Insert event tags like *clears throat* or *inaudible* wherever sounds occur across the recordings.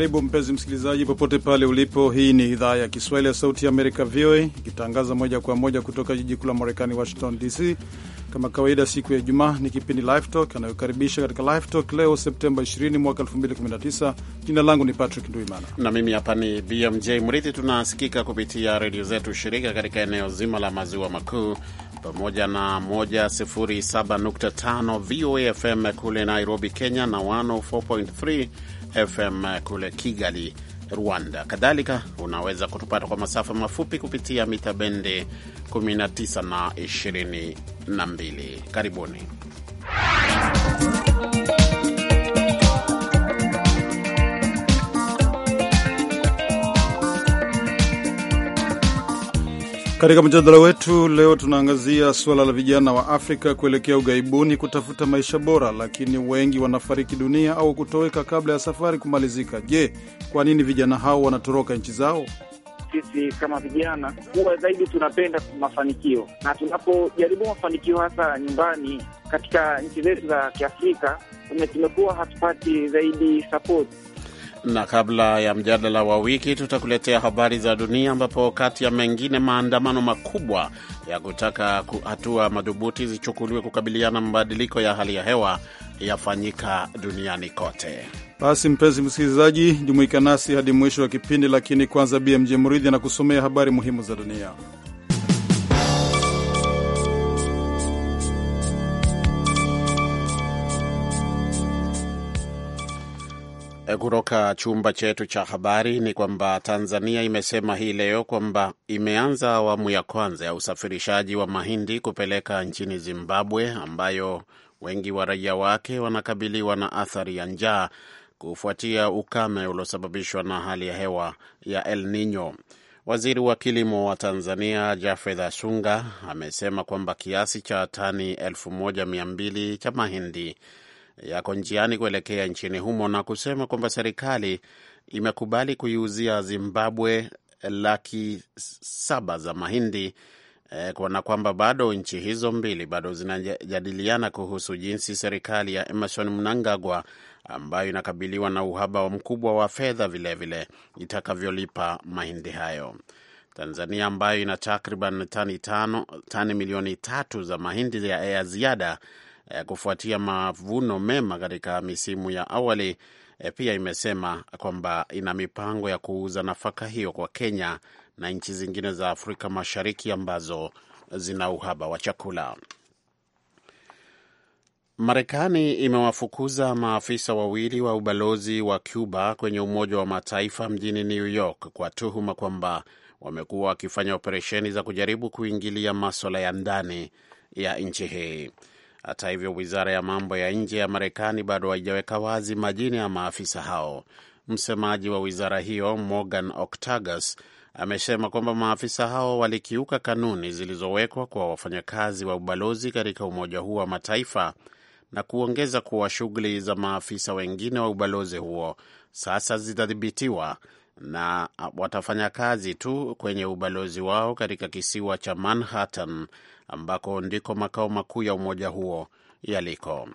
Karibu mpenzi msikilizaji, popote pale ulipo. Hii ni idhaa ya Kiswahili ya Sauti ya Amerika, VOA, ikitangaza moja kwa moja kutoka jiji kuu la Marekani, Washington DC. Kama kawaida, siku ya Ijumaa ni kipindi Live Talk anayokaribisha katika Live Talk leo Septemba 20 mwaka 2019. Jina langu ni Patrick Nduimana na mimi hapa ni BMJ Mrithi. Tunasikika kupitia redio zetu shirika katika eneo zima la maziwa makuu pamoja na 107.5 VOA FM kule Nairobi, Kenya na 104.3 FM kule Kigali, Rwanda. Kadhalika unaweza kutupata kwa masafa mafupi kupitia mita bendi 19 na 22. Karibuni. Katika mjadala wetu leo tunaangazia suala la vijana wa Afrika kuelekea ughaibuni kutafuta maisha bora, lakini wengi wanafariki dunia au kutoweka kabla ya safari kumalizika. Je, kwa nini vijana hao wanatoroka nchi zao? Sisi kama vijana huwa zaidi tunapenda mafanikio, na tunapojaribu mafanikio hasa nyumbani katika nchi zetu za Kiafrika tumekuwa hatupati zaidi sapoti na kabla ya mjadala wa wiki tutakuletea habari za dunia, ambapo kati ya mengine, maandamano makubwa ya kutaka hatua madhubuti zichukuliwe kukabiliana mabadiliko ya hali ya hewa yafanyika duniani kote. Basi mpenzi msikilizaji, jumuika nasi hadi mwisho wa kipindi, lakini kwanza BMJ Mridhi anakusomea habari muhimu za dunia. Eh, kutoka chumba chetu cha habari ni kwamba Tanzania imesema hii leo kwamba imeanza awamu ya kwanza ya usafirishaji wa mahindi kupeleka nchini Zimbabwe, ambayo wengi wa raia wake wanakabiliwa na athari ya njaa kufuatia ukame uliosababishwa na hali ya hewa ya El Nino. Waziri wa kilimo wa Tanzania Jafedha sunga amesema kwamba kiasi cha tani 1200 cha mahindi yako njiani kuelekea nchini humo na kusema kwamba serikali imekubali kuiuzia Zimbabwe laki saba za mahindi eh, kuona kwamba bado nchi hizo mbili bado zinajadiliana kuhusu jinsi serikali ya Emerson Mnangagwa ambayo inakabiliwa na uhaba mkubwa wa fedha vilevile itakavyolipa mahindi hayo. Tanzania ambayo ina takriban tani tano, tani milioni tatu za mahindi ya ziada Eh, kufuatia mavuno mema katika misimu ya awali. Eh, pia imesema kwamba ina mipango ya kuuza nafaka hiyo kwa Kenya na nchi zingine za Afrika Mashariki ambazo zina uhaba wa chakula. Marekani imewafukuza maafisa wawili wa ubalozi wa Cuba kwenye Umoja wa Mataifa mjini New York kwa tuhuma kwamba wamekuwa wakifanya operesheni za kujaribu kuingilia maswala ya ndani ya nchi hii. Hata hivyo, wizara ya mambo ya nje ya Marekani bado haijaweka wazi majina ya maafisa hao. Msemaji wa wizara hiyo Morgan Octagus amesema kwamba maafisa hao walikiuka kanuni zilizowekwa kwa wafanyakazi wa ubalozi katika Umoja huo wa Mataifa na kuongeza kuwa shughuli za maafisa wengine wa ubalozi huo sasa zitadhibitiwa na watafanya kazi tu kwenye ubalozi wao katika kisiwa cha Manhattan ambako ndiko makao makuu ya umoja huo yaliko.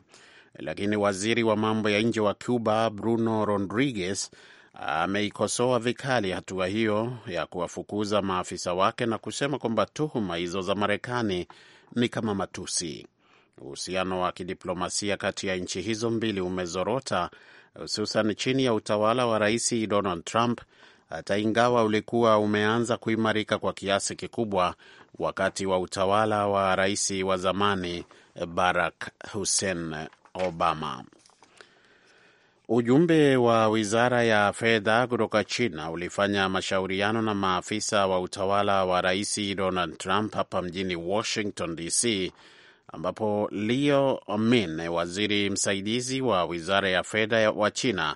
Lakini waziri wa mambo ya nje wa Cuba Bruno Rodriguez ameikosoa vikali hatua hiyo ya kuwafukuza maafisa wake na kusema kwamba tuhuma hizo za Marekani ni kama matusi. Uhusiano wa kidiplomasia kati ya nchi hizo mbili umezorota hususan chini ya utawala wa Rais Donald Trump, hata ingawa ulikuwa umeanza kuimarika kwa kiasi kikubwa wakati wa utawala wa rais wa zamani Barack Hussein Obama. Ujumbe wa wizara ya fedha kutoka China ulifanya mashauriano na maafisa wa utawala wa rais Donald Trump hapa mjini Washington DC ambapo Leo Min, waziri msaidizi wa wizara ya fedha wa China,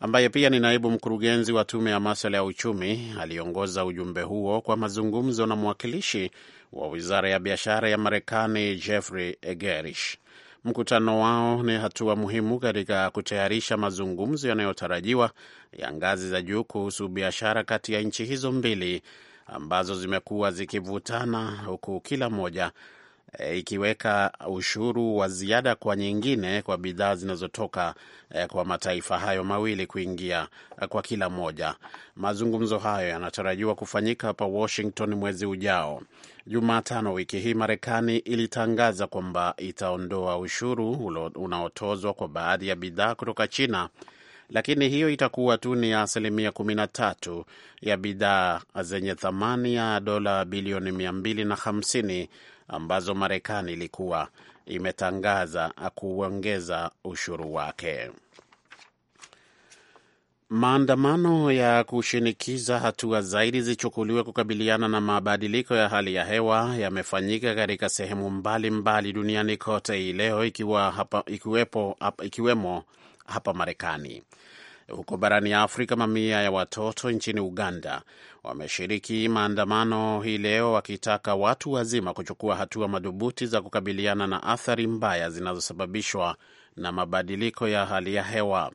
ambaye pia ni naibu mkurugenzi wa tume ya maswala ya uchumi, aliongoza ujumbe huo kwa mazungumzo na mwakilishi wa wizara ya biashara ya Marekani Jeffrey Gerrish. Mkutano wao ni hatua muhimu katika kutayarisha mazungumzo yanayotarajiwa ya ngazi za juu kuhusu biashara kati ya nchi hizo mbili ambazo zimekuwa zikivutana huku kila moja e, ikiweka ushuru wa ziada kwa nyingine kwa bidhaa zinazotoka e, kwa mataifa hayo mawili kuingia e, kwa kila moja. Mazungumzo hayo yanatarajiwa kufanyika hapa Washington mwezi ujao. Jumatano wiki hii Marekani ilitangaza kwamba itaondoa ushuru unaotozwa kwa baadhi ya bidhaa kutoka China, lakini hiyo itakuwa tu ni asilimia 13 ya bidhaa zenye thamani ya dola bilioni ambazo Marekani ilikuwa imetangaza kuongeza ushuru wake. Maandamano ya kushinikiza hatua zaidi zichukuliwe kukabiliana na mabadiliko ya hali ya hewa yamefanyika katika sehemu mbalimbali mbali duniani kote hii leo, ikiwa hapa, ikiwepo, hapa, ikiwemo hapa Marekani. Huko barani Afrika, mamia ya watoto nchini Uganda wameshiriki maandamano hii leo wakitaka watu wazima kuchukua hatua madhubuti za kukabiliana na athari mbaya zinazosababishwa na mabadiliko ya hali ya hewa.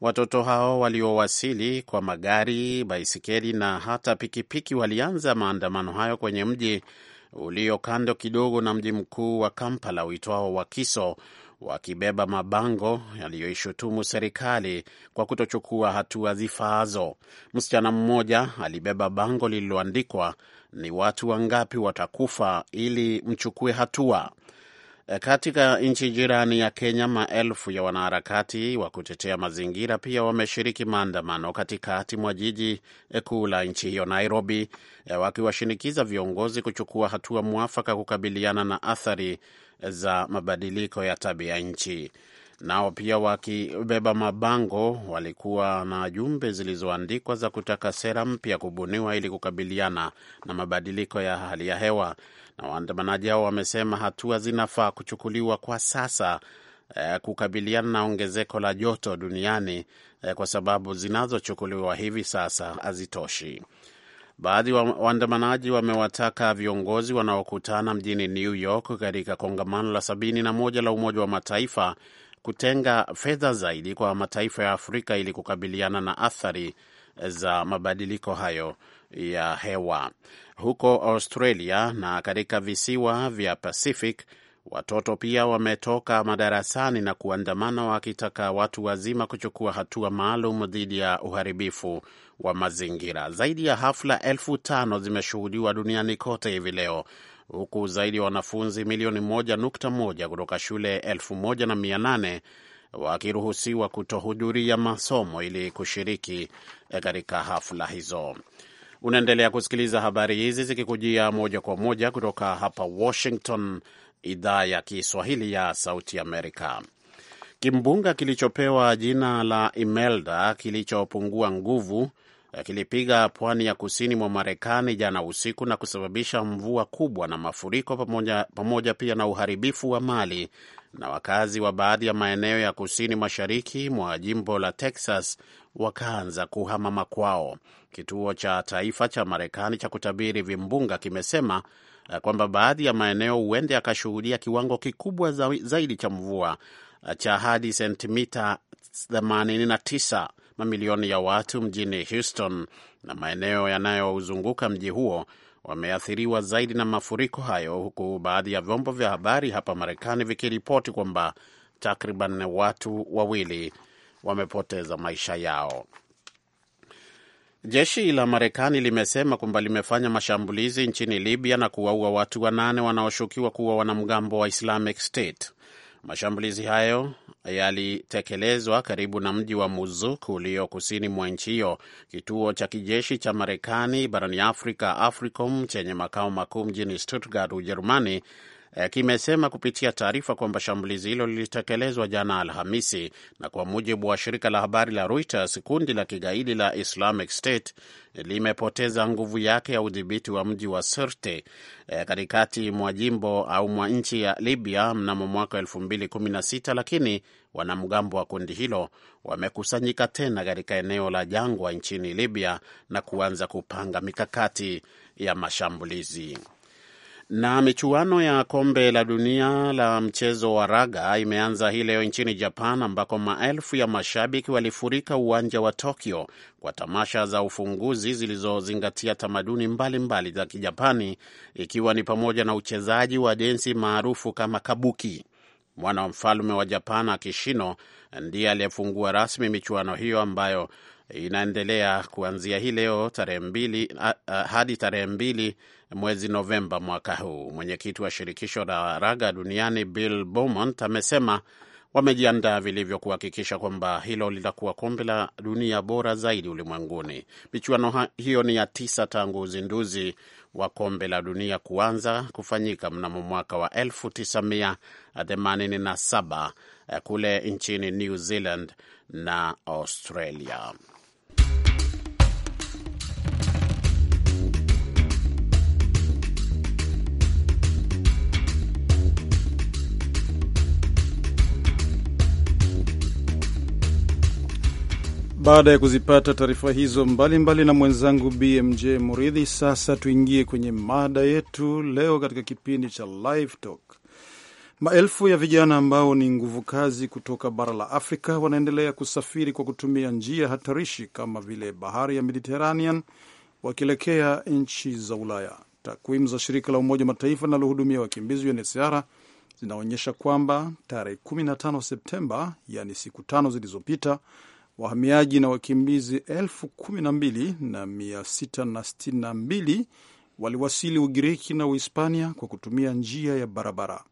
Watoto hao waliowasili kwa magari, baisikeli na hata pikipiki walianza maandamano hayo kwenye mji ulio kando kidogo na mji mkuu wa Kampala uitwao Wakiso wakibeba mabango yaliyoishutumu serikali kwa kutochukua hatua zifaazo. Msichana mmoja alibeba bango lililoandikwa ni watu wangapi watakufa ili mchukue hatua. Katika nchi jirani ya Kenya, maelfu ya wanaharakati wa kutetea mazingira pia wameshiriki maandamano katikati mwa jiji kuu la nchi hiyo Nairobi, wakiwashinikiza viongozi kuchukua hatua mwafaka kukabiliana na athari za mabadiliko ya tabia nchi. Nao pia wakibeba mabango walikuwa na jumbe zilizoandikwa za kutaka sera mpya kubuniwa ili kukabiliana na mabadiliko ya hali ya hewa. Na waandamanaji hao wamesema hatua zinafaa kuchukuliwa kwa sasa eh, kukabiliana na ongezeko la joto duniani eh, kwa sababu zinazochukuliwa hivi sasa hazitoshi. Baadhi wa waandamanaji wamewataka viongozi wanaokutana mjini New York katika kongamano la sabini na moja la Umoja wa Mataifa kutenga fedha zaidi kwa mataifa ya Afrika ili kukabiliana na athari za mabadiliko hayo ya hewa. Huko Australia na katika visiwa vya Pacific Watoto pia wametoka madarasani na kuandamana wakitaka watu wazima kuchukua hatua maalum dhidi ya uharibifu wa mazingira. Zaidi ya hafla elfu tano zimeshuhudiwa duniani kote hivi leo huku zaidi ya wanafunzi milioni moja nukta moja kutoka shule elfu moja na mia nane wakiruhusiwa kutohudhuria masomo ili kushiriki eh, katika hafla hizo. Unaendelea kusikiliza habari hizi zikikujia moja kwa moja kutoka hapa Washington idhaa ya Kiswahili ya Sauti Amerika. Kimbunga kilichopewa jina la Imelda kilichopungua nguvu eh, kilipiga pwani ya kusini mwa Marekani jana usiku na kusababisha mvua kubwa na mafuriko pamoja, pamoja pia na uharibifu wa mali na wakazi wa baadhi ya maeneo ya kusini mashariki mwa jimbo la Texas wakaanza kuhama makwao. Kituo cha taifa cha Marekani cha kutabiri vimbunga kimesema kwamba baadhi ya maeneo huende yakashuhudia kiwango kikubwa zaidi cha mvua eh, cha hadi sentimita 89 mamilioni ya watu mjini Houston na maeneo yanayozunguka mji huo wameathiriwa zaidi na mafuriko hayo, huku baadhi ya vyombo vya habari hapa Marekani vikiripoti kwamba takriban watu wawili wamepoteza maisha yao. Jeshi la Marekani limesema kwamba limefanya mashambulizi nchini Libya na kuwaua watu wanane wanaoshukiwa kuwa wanamgambo wa Islamic State. Mashambulizi hayo yalitekelezwa karibu na mji wa Muzuk ulio kusini mwa nchi hiyo. Kituo cha kijeshi cha Marekani barani Afrika, AFRICOM, chenye makao makuu mjini Stuttgart, Ujerumani, eh, kimesema kupitia taarifa kwamba shambulizi hilo lilitekelezwa jana Alhamisi, na kwa mujibu wa shirika la habari la Reuters, kundi la kigaidi la Islamic State limepoteza nguvu yake ya udhibiti wa mji wa Sirte eh, katikati mwa jimbo au mwa nchi ya Libya mnamo mwaka 2016 lakini wanamgambo wa kundi hilo wamekusanyika tena katika eneo la jangwa nchini Libya na kuanza kupanga mikakati ya mashambulizi. Na michuano ya kombe la dunia la mchezo wa raga imeanza hii leo nchini Japan, ambako maelfu ya mashabiki walifurika uwanja wa Tokyo kwa tamasha za ufunguzi zilizozingatia tamaduni mbalimbali za Kijapani, ikiwa ni pamoja na uchezaji wa densi maarufu kama kabuki. Mwana wa mfalme wa Japan Akishino ndiye aliyefungua rasmi michuano hiyo ambayo inaendelea kuanzia hii leo tarehe mbili hadi tarehe mbili mwezi Novemba mwaka huu. Mwenyekiti wa shirikisho la raga duniani Bill Beaumont amesema wamejiandaa vilivyo kuhakikisha kwamba hilo litakuwa kombe la dunia bora zaidi ulimwenguni. Michuano hiyo ni ya tisa tangu uzinduzi wa kombe la dunia kuanza kufanyika mnamo mwaka wa 1987 eh, kule nchini New Zealand na Australia. Baada ya kuzipata taarifa hizo mbalimbali mbali na mwenzangu BMJ Muridhi, sasa tuingie kwenye mada yetu leo katika kipindi cha Live Talk. Maelfu ya vijana ambao ni nguvu kazi kutoka bara la Afrika wanaendelea kusafiri kwa kutumia njia hatarishi kama vile bahari ya Mediterranean wakielekea nchi za Ulaya. Takwimu za shirika la Umoja Mataifa linalohudumia wakimbizi UNHCR zinaonyesha kwamba tarehe 15 Septemba, yani siku tano zilizopita wahamiaji na wakimbizi elfu kumi na mbili na mia sita na sitini na mbili waliwasili Ugiriki na Uhispania kwa kutumia njia ya barabara.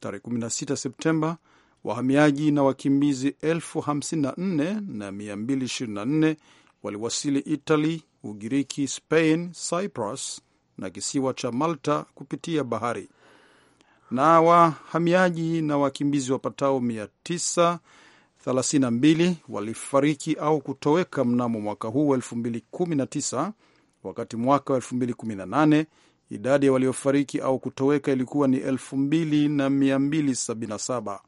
Tarehe 16 Septemba, wahamiaji na wakimbizi elfu hamsini na nne na mia mbili ishirini na nne waliwasili Italy, Ugiriki, Spain, Cyprus na kisiwa cha Malta kupitia bahari na wahamiaji na wakimbizi wapatao mia tisa 32 walifariki au kutoweka mnamo mwaka huu 2019. Wakati mwaka wa 2018 idadi ya waliofariki au kutoweka ilikuwa ni 2277.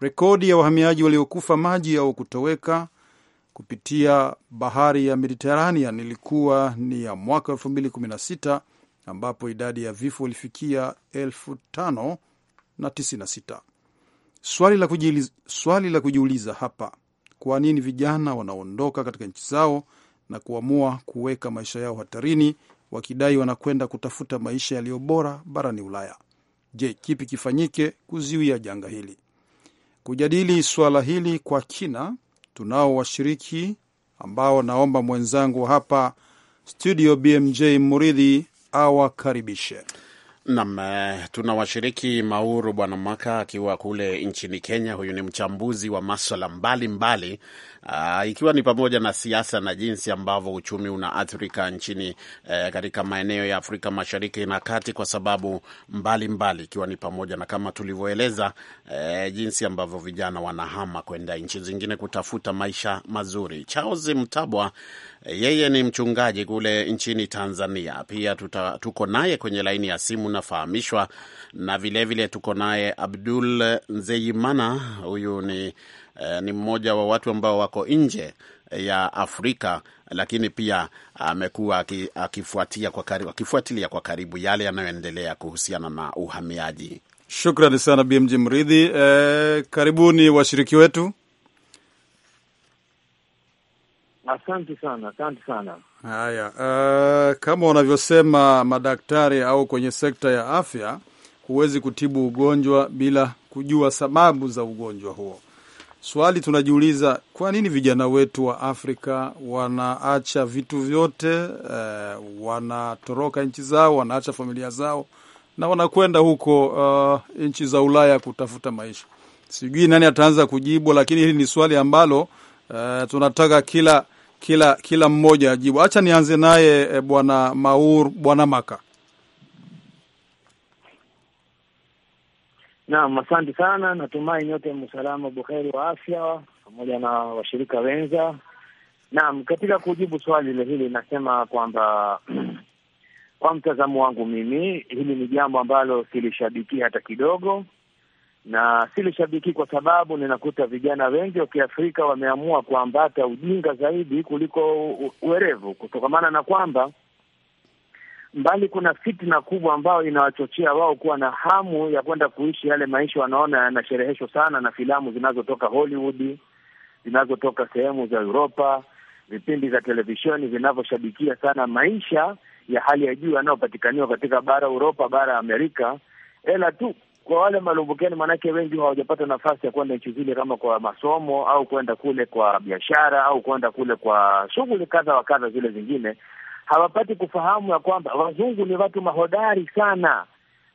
Rekodi ya wahamiaji waliokufa maji au kutoweka kupitia bahari ya Mediteranean ilikuwa ni ya mwaka 2016 ambapo idadi ya vifo ilifikia 5096. Swali la kujiuliza, swali la kujiuliza hapa, kwa nini vijana wanaondoka katika nchi zao na kuamua kuweka maisha yao hatarini wakidai wanakwenda kutafuta maisha yaliyo bora barani Ulaya? Je, kipi kifanyike kuzuia janga hili? Kujadili swala hili kwa kina, tunao washiriki ambao naomba mwenzangu hapa studio BMJ Muridhi awakaribishe. Nam, eh, tuna washiriki Mauru Bwana Maka akiwa kule nchini Kenya. Huyu ni mchambuzi wa maswala mbalimbali Uh, ikiwa ni pamoja na siasa na jinsi ambavyo uchumi unaathirika nchini uh, katika maeneo ya Afrika Mashariki na Kati kwa sababu mbalimbali mbali, ikiwa ni pamoja na kama tulivyoeleza uh, jinsi ambavyo vijana wanahama kwenda nchi zingine kutafuta maisha mazuri. Charles Mtabwa eh, yeye ni mchungaji kule nchini Tanzania. Pia tuta, tuko naye kwenye laini ya simu nafahamishwa, na vilevile vile tuko naye Abdul Nzeyimana, huyu ni eh, ni mmoja wa watu ambao wako nje eh, ya Afrika lakini pia amekuwa akifuatilia kwa karibu, akifuatilia kwa karibu yale yanayoendelea kuhusiana na uhamiaji. Shukrani sana BMJ Mridhi. Eh, karibuni washiriki wetu. Asante sana, asante sana. Haya, uh, kama wanavyosema madaktari au kwenye sekta ya afya, huwezi kutibu ugonjwa bila kujua sababu za ugonjwa huo. Swali tunajiuliza, kwa nini vijana wetu wa Afrika wanaacha vitu vyote eh, wanatoroka nchi zao, wanaacha familia zao na wanakwenda huko uh, nchi za Ulaya kutafuta maisha. Sijui nani ataanza kujibu, lakini hili ni swali ambalo uh, tunataka kila kila kila mmoja ajibu. Acha nianze naye eh, bwana Maur, bwana Maka. Naam, asante sana. Natumai nyote msalama buheri wa afya pamoja na washirika wenza. Naam, katika kujibu swali lile hili nasema kwamba *clears throat* kwa mtazamo wangu mimi, hili ni jambo ambalo silishabiki hata kidogo, na silishabiki kwa sababu ninakuta vijana wengi wa Kiafrika wameamua kuambata ujinga zaidi kuliko uwerevu, kutokamana na kwamba mbali kuna fitna kubwa ambayo inawachochea wao kuwa na hamu ya kwenda kuishi yale maisha wanaona yanashereheshwa sana na filamu zinazotoka Hollywood, zinazotoka sehemu za Uropa, vipindi vya televisheni vinavyoshabikia sana maisha ya hali ya juu yanayopatikaniwa katika bara Uropa, bara ya Amerika, ela tu kwa wale malumbukeni, maanake wengi hawajapata nafasi ya kwenda nchi zile, kama kwa masomo au kwenda kule kwa biashara au kwenda kule kwa shughuli kadha wa kadha zile zingine hawapati kufahamu ya kwamba wazungu ni watu mahodari sana,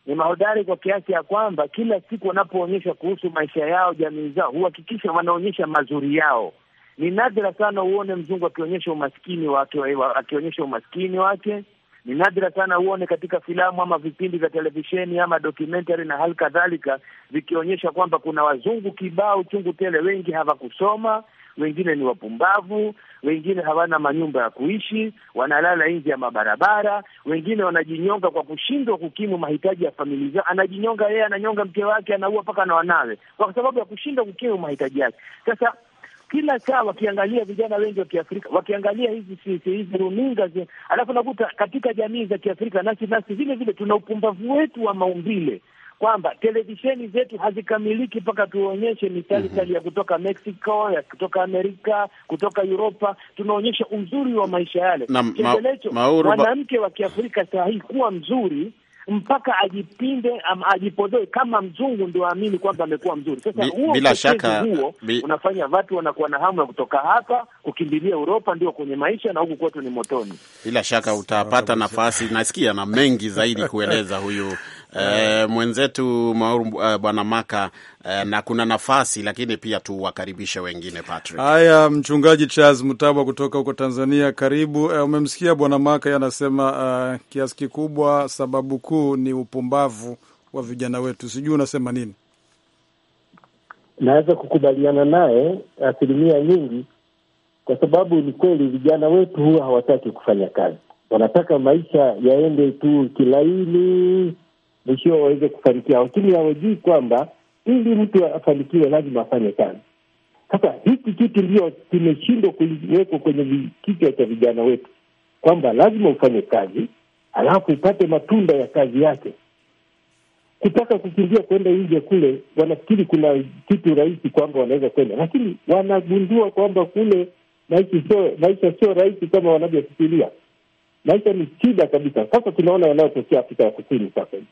ni mahodari kwa kiasi ya kwamba kila siku wanapoonyesha kuhusu maisha yao, jamii zao, huhakikisha wanaonyesha mazuri yao. Ni nadhira sana uone mzungu akionyesha umaskini wake, akionyesha umaskini wake. Ni nadhira sana uone katika filamu ama vipindi vya televisheni ama documentary na hali kadhalika vikionyesha kwamba kuna wazungu kibao chungu tele, wengi hawakusoma wengine ni wapumbavu, wengine hawana manyumba ya kuishi, wanalala nje ya mabarabara, wengine wanajinyonga kwa kushindwa kukimu mahitaji ya familia zao. Anajinyonga yeye, ananyonga mke wake, anaua mpaka na wanawe, kwa sababu ya kushindwa kukimu mahitaji yake. Sasa kila saa wakiangalia vijana wengi wa Kiafrika wakiangalia hizi sisi hizi runinga zi, alafu nakuta katika jamii za Kiafrika nasi nasi vile vile tuna upumbavu wetu wa maumbile kwamba televisheni zetu hazikamiliki mpaka tuonyeshe mithali mm -hmm. ya kutoka Mexico, ya kutoka Amerika, kutoka Uropa, tunaonyesha uzuri wa maisha yale. ma mwanamke wa Kiafrika saa hii kuwa mzuri mpaka ajipinde ama ajipodoe kama mzungu ndio aamini kwamba amekuwa mzuri. Sasa huo bila shaka huo bi... unafanya watu wanakuwa na hamu ya kutoka hapa kukimbilia Uropa, ndio kwenye maisha, na huku kwetu ni motoni. Bila shaka utapata nafasi, nasikia na mengi zaidi kueleza huyu E, mwenzetu Mauru e, eh, Bwana Maka e, na kuna nafasi lakini pia tuwakaribishe wengine Patrick. Haya, mchungaji Charles Mutabwa kutoka huko Tanzania, karibu. E, umemsikia Bwana Maka anasema uh, kiasi kikubwa sababu kuu ni upumbavu wa vijana wetu, sijui unasema nini? Naweza kukubaliana naye asilimia nyingi, kwa sababu ni kweli vijana wetu huwa hawataki kufanya kazi, wanataka maisha yaende tu kilaini mwishio waweze kufanikiwa, lakini hawajui kwamba ili mtu afanikiwe lazima afanye kazi. Sasa hiki kitu ndio kimeshindwa kuwekwa kwenye kichwa cha vijana wetu kwamba lazima ufanye kazi alafu upate matunda ya kazi yake. Kutaka kukimbia kwenda nje kule, wanafikiri kuna kitu rahisi kwamba wanaweza kwenda, lakini wanagundua kwamba kule maisha sio rahisi kama wanavyofikiria. Maisha ni shida kabisa. Sasa tunaona yanayotokea Afrika ya Kusini sasa hivi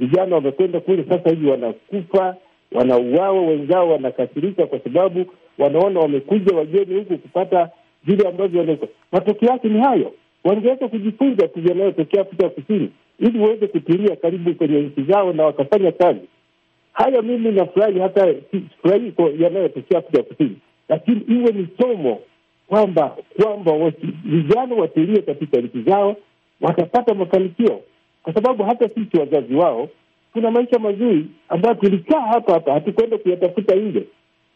Vijana wamekwenda kule sasa hivi wanakufa, wanauawa, wenzao wanakasirika kwa sababu wanaona wamekuja wageni huku kupata vile ambavyo wanaweza. Matokeo yake ni hayo. Wangeweza kujifunza tu yanayotokea Afrika Kusini ili waweze kutilia karibu kwenye nchi zao na wakafanya kazi. Haya, mimi nafurahi, hata sifurahii yanayotokea Afrika Kusini, lakini iwe ni somo kwamba kwamba vijana watilie katika nchi zao, watapata mafanikio kwa sababu hata sisi wazazi wao tuna maisha mazuri ambayo tulikaa hapa hapa, hatukwenda kuyatafuta nje.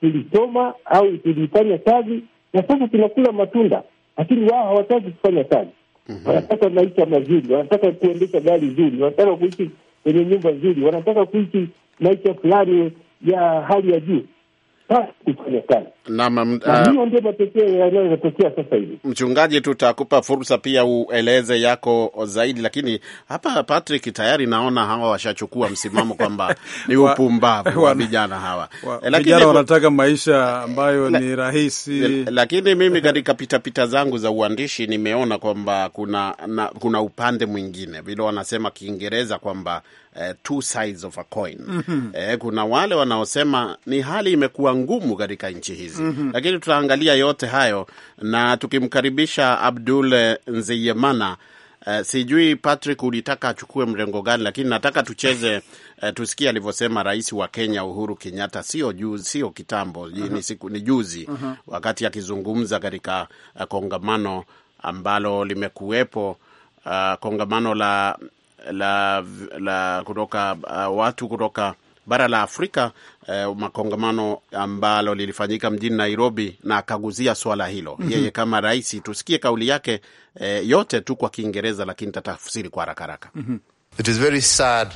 Tulisoma au tulifanya kazi na sasa tunakula matunda, lakini wao hawataki kufanya kazi. mm -hmm. Wanataka maisha mazuri, wanataka kuendesha gari zuri, wanataka kuishi kwenye nyumba nzuri, wanataka kuishi maisha fulani ya hali ya juu, kufanya kazi Eh, hiyo ndio matokeo yanayotokea sasa hivi. Mchungaji, tutakupa fursa pia ueleze yako zaidi, lakini hapa Patrick, tayari naona hawa washachukua msimamo kwamba *laughs* ni upumbavu wa vijana hawa, eh, vijana wanataka maisha ambayo ni rahisi. Eh, lakini mimi katika pitapita zangu za uandishi nimeona kwamba kuna na, kuna upande mwingine vile wanasema Kiingereza kwamba Uh, two sides of a coin. Mm -hmm. Uh, kuna wale wanaosema ni hali imekuwa ngumu katika nchi hizi hizi mm -hmm. Lakini tutaangalia yote hayo na tukimkaribisha Abdul Nzeyemana. Uh, sijui Patrick ulitaka achukue mrengo gani, lakini nataka tucheze uh, tusikie alivyosema Rais wa Kenya Uhuru Kenyatta, sio juzi, sio kitambo uh -huh. Ni mhm. siku ni juzi uh mhm. -huh. wakati akizungumza katika uh, kongamano ambalo limekuwepo uh, kongamano la la, la kutoka uh, watu kutoka bara la Afrika eh, makongamano ambalo lilifanyika mjini Nairobi na akaguzia swala hilo mm -hmm. Yeye kama rais, tusikie kauli yake eh, yote tu kwa Kiingereza, lakini tatafsiri kwa haraka haraka mm -hmm. It is very sad.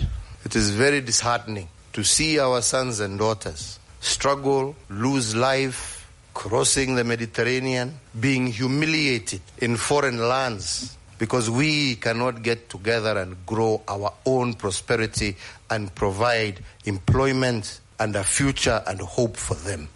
It is very disheartening to see our sons and daughters struggle, lose life, crossing the Mediterranean, being humiliated in foreign lands because we cannot get together and grow our own prosperity and provide employment and a future and hope for them.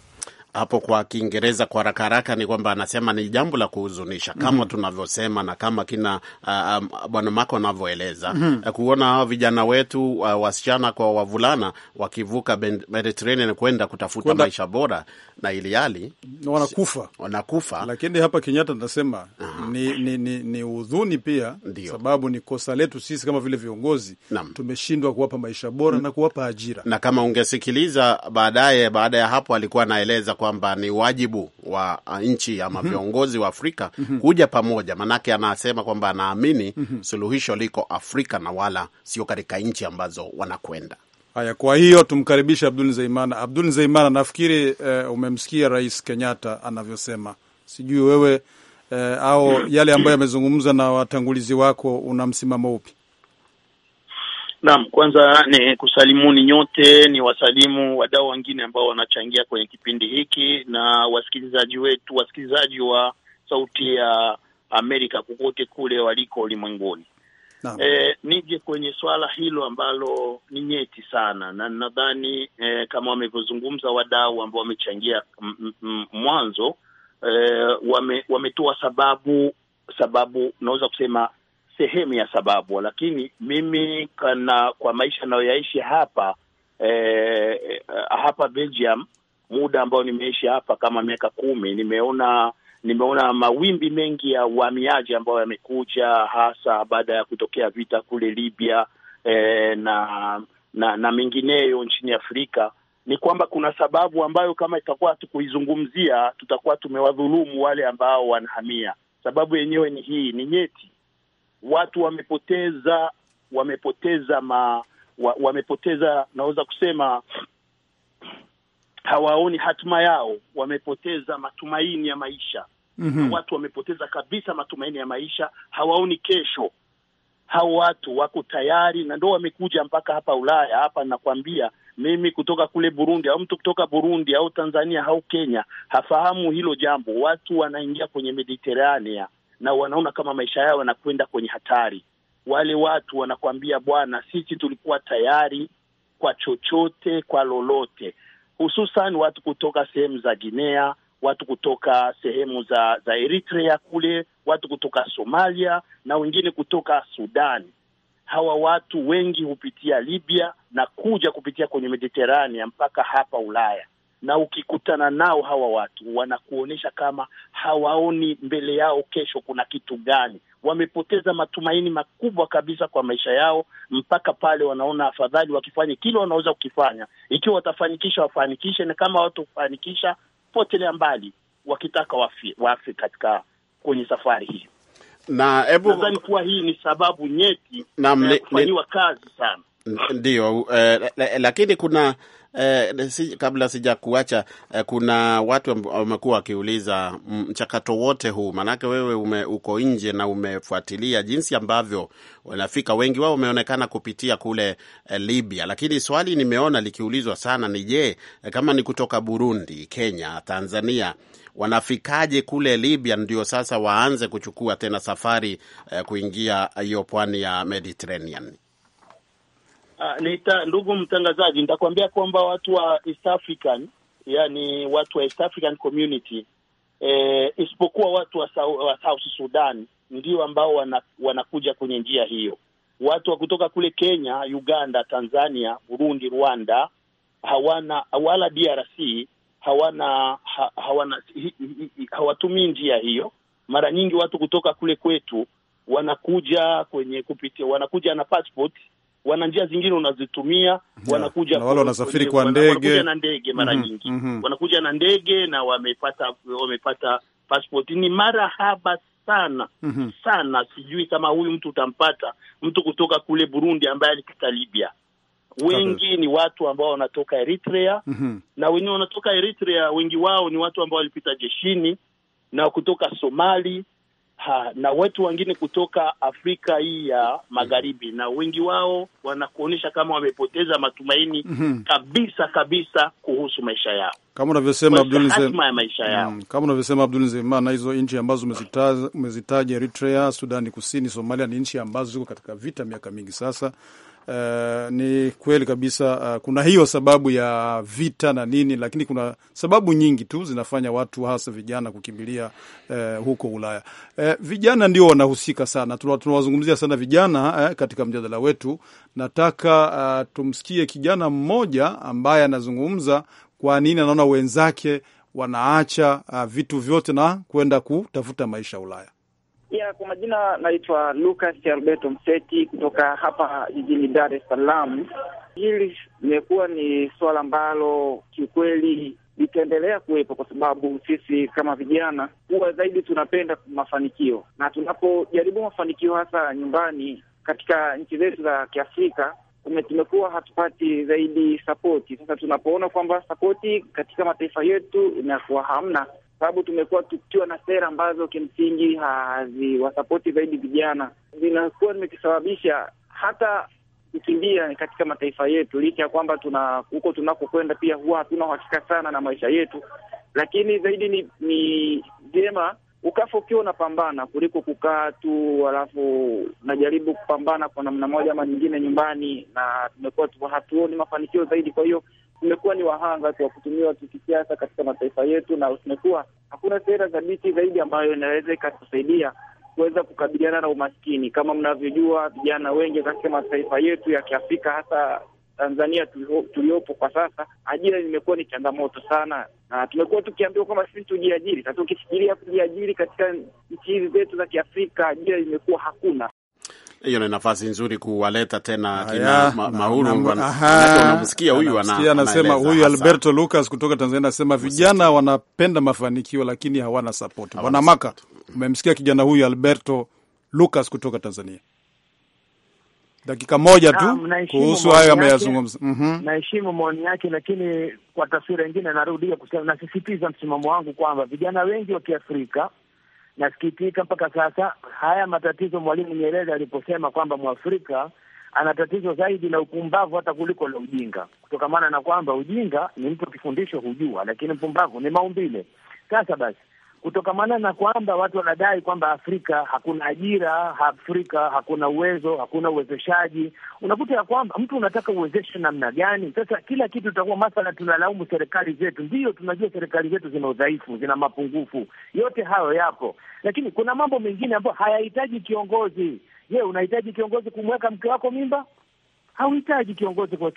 hapo kwa Kiingereza kwa haraka haraka ni kwamba anasema ni jambo la kuhuzunisha kama mm -hmm. tunavyosema na kama kina uh, um, bwana Mako anavyoeleza mm -hmm. kuona hawa vijana wetu uh, wasichana kwa wavulana wakivuka Mediterranean kwenda kutafuta Kwenda... maisha bora na iliali wanakufa wanakufa, lakini hapa Kenyatta tunasema ni, ni, ni, ni udhuni pia Ndiyo. sababu ni kosa letu sisi kama vile viongozi tumeshindwa kuwapa maisha bora mm -hmm. na kuwapa ajira, na kama ungesikiliza baadaye, baada ya hapo alikuwa anaeleza kwamba ni wajibu wa uh, nchi ama mhm. viongozi wa Afrika mhm. kuja pamoja, maanake anasema kwamba anaamini mhm. suluhisho liko Afrika na wala sio katika nchi ambazo wanakwenda. Haya, kwa hiyo tumkaribishe Abdul Zeimana. Abdul Zeimana, nafikiri eh, umemsikia Rais Kenyatta anavyosema, sijui wewe eh, au *clears throat* yale ambayo yamezungumza na watangulizi wako, una msimamo upi? Naam, kwanza ni kusalimuni nyote, ni wasalimu wadau wengine ambao wanachangia kwenye kipindi hiki na wasikilizaji wetu, wasikilizaji wa Sauti ya Amerika kokote kule waliko ulimwenguni. E, nije kwenye swala hilo ambalo ni nyeti sana na nadhani e, kama wamevyozungumza wadau ambao wamechangia mwanzo e, wame, wametoa sababu sababu naweza kusema sehemu ya sababu, lakini mimi kana, kwa maisha anayoyaishi hapa eh, hapa Belgium, muda ambao nimeishi hapa kama miaka kumi, nimeona nimeona mawimbi mengi ya uhamiaji ambayo yamekuja hasa baada ya kutokea vita kule Libya eh, na na na mengineyo nchini Afrika. Ni kwamba kuna sababu ambayo kama itakuwa tukuizungumzia tutakuwa tumewadhulumu wale ambao wanahamia. Sababu yenyewe ni hii, ni nyeti watu wamepoteza wamepoteza ma, wa, wamepoteza naweza kusema hawaoni hatima yao, wamepoteza matumaini ya maisha. mm -hmm. Watu wamepoteza kabisa matumaini ya maisha, hawaoni kesho. Hao watu wako tayari na ndo wamekuja mpaka hapa Ulaya hapa. Nakwambia mimi kutoka kule Burundi, au mtu kutoka Burundi au Tanzania au Kenya hafahamu hilo jambo. Watu wanaingia kwenye Mediterania na wanaona kama maisha yao yanakwenda kwenye hatari. Wale watu wanakuambia, bwana, sisi tulikuwa tayari kwa chochote, kwa lolote, hususan watu kutoka sehemu za Guinea, watu kutoka sehemu za, za Eritrea kule, watu kutoka Somalia na wengine kutoka Sudan. Hawa watu wengi hupitia Libya na kuja kupitia kwenye Mediterania mpaka hapa Ulaya na ukikutana nao hawa watu wanakuonyesha kama hawaoni mbele yao kesho kuna kitu gani. Wamepoteza matumaini makubwa kabisa kwa maisha yao, mpaka pale wanaona afadhali wakifanye kile wanaweza kukifanya. Ikiwa watafanikisha wafanikishe, na kama watakufanikisha potelea mbali, wakitaka wafi, wafi katika kwenye safari hii na ebu... nadhani kuwa hii ni sababu nyeti na kufanyiwa kazi sana, ndio eh, lakini kuna eh, si, kabla kuacha eh, kuna watu wamekuwa wakiuliza mm, mchakato wote huu, maanake wewe ume, uko nje na umefuatilia jinsi ambavyo wanafika. Wengi wao wameonekana kupitia kule eh, Libya, lakini swali nimeona likiulizwa sana ni je, eh, kama ni kutoka Burundi, Kenya, Tanzania wanafikaje kule Libya ndio sasa waanze kuchukua tena safari eh, kuingia hiyo pwani ya Mediterranean? Ah, nita, ndugu mtangazaji, nitakwambia kwamba watu wa East African, yani watu wa East African Community eh, isipokuwa watu wa, wa South Sudan ndio ambao wana, wanakuja kwenye njia hiyo. Watu wa kutoka kule Kenya, Uganda, Tanzania, Burundi, Rwanda hawana wala DRC hawana ha, hawana hawatumii njia hiyo. Mara nyingi watu kutoka kule kwetu wanakuja kwenye kupitia wanakuja na passport wana njia zingine unazitumia, wanakuja wale wanasafiri kwa ndege, wanakuja na mm-hmm. ndege mara nyingi mm -hmm. wanakuja na ndege na wamepata wamepata passport. Ni haba sana mm -hmm. sana. Sijui kama huyu mtu utampata mtu kutoka kule Burundi ambaye alipita Libya wengi ni watu ambao wanatoka Eritrea mm -hmm. na wenyewe wanatoka Eritrea, wengi wao ni watu ambao walipita jeshini na kutoka Somali ha, na watu wengine kutoka Afrika hii ya magharibi, na wengi wao wanakuonyesha kama wamepoteza matumaini mm -hmm. kabisa kabisa kuhusu maisha yao kama unavyosema Abdul Nzema Zem, na hizo nchi ambazo umezitaja Eritrea, Sudani Kusini, Somalia ni nchi ambazo ziko katika vita miaka mingi sasa Uh, ni kweli kabisa. Uh, kuna hiyo sababu ya vita na nini, lakini kuna sababu nyingi tu zinafanya watu hasa vijana kukimbilia uh, huko Ulaya. Uh, vijana ndio wanahusika sana, tunawazungumzia sana vijana uh, katika mjadala wetu. Nataka uh, tumsikie kijana mmoja ambaye anazungumza kwa nini anaona wenzake wanaacha uh, vitu vyote na kwenda kutafuta maisha Ulaya ya kwa majina naitwa Lucas Alberto Mseti kutoka hapa jijini Dar es Salaam. Hili limekuwa ni suala ambalo kiukweli litaendelea kuwepo kwa sababu sisi kama vijana huwa zaidi tunapenda mafanikio, na tunapojaribu mafanikio hasa nyumbani katika nchi zetu za Kiafrika tumekuwa hatupati zaidi sapoti. Sasa tunapoona kwamba sapoti katika mataifa yetu inakuwa hamna, sababu tumekuwa tukiwa na sera ambazo kimsingi haziwasapoti zaidi vijana, zinakuwa zimekisababisha hata kukimbia katika mataifa yetu, licha ya kwamba tuna huko tunakokwenda pia huwa hatuna uhakika sana na maisha yetu, lakini zaidi ni ni vyema ukafa ukiwa unapambana kuliko kukaa tu alafu najaribu kupambana kwa namna moja ama nyingine nyumbani, na tumekuwa hatuoni mafanikio zaidi. Kwa hiyo tumekuwa ni wahanga tu wa kutumiwa kisiasa katika mataifa yetu, na tumekuwa hakuna sera thabiti zaidi ambayo inaweza ikatusaidia kuweza kukabiliana na umaskini. Kama mnavyojua, vijana wengi katika mataifa yetu ya Kiafrika, hasa Tanzania tuliopo kwa sasa, ajira imekuwa ni changamoto sana, na tumekuwa tukiambiwa kwamba sisi tujiajiri. Sasa ukifikiria kujiajiri katika nchi hizi zetu za Kiafrika, ajira imekuwa hakuna hiyo ni nafasi nzuri kuwaleta tena ah, kina Mahuru. Unamsikia huyu anasema, huyu Alberto Lucas kutoka Tanzania anasema vijana wanapenda mafanikio lakini hawana sapoti. Bwana Maka, umemsikia kijana huyu Alberto Lucas kutoka Tanzania, dakika moja tu kuhusu hayo ameyazungumza. Mhm. Naheshimu maoni yake, lakini kwa taswira nyingine, narudia kusema, nasisitiza msimamo wangu kwamba vijana wengi wa Kiafrika nasikitika mpaka sasa haya matatizo. Mwalimu Nyerere aliposema kwamba mwafrika ana tatizo zaidi la upumbavu hata kuliko la ujinga, kutokamana na kwamba ujinga ni mtu akifundishwa hujua, lakini mpumbavu ni maumbile. Sasa basi kutokamana na kwamba watu wanadai kwamba Afrika hakuna ajira, Afrika hakuna uwezo, hakuna uwezeshaji. Unakuta ya kwamba mtu unataka uwezeshe namna gani? Sasa kila kitu itakuwa mathala, tunalaumu serikali zetu. Ndiyo, tunajua serikali zetu zina udhaifu, zina mapungufu, yote hayo yapo, lakini kuna mambo mengine ambayo hayahitaji kiongozi. Je, unahitaji kiongozi kumweka mke wako mimba? Hauhitaji kiongozi kwa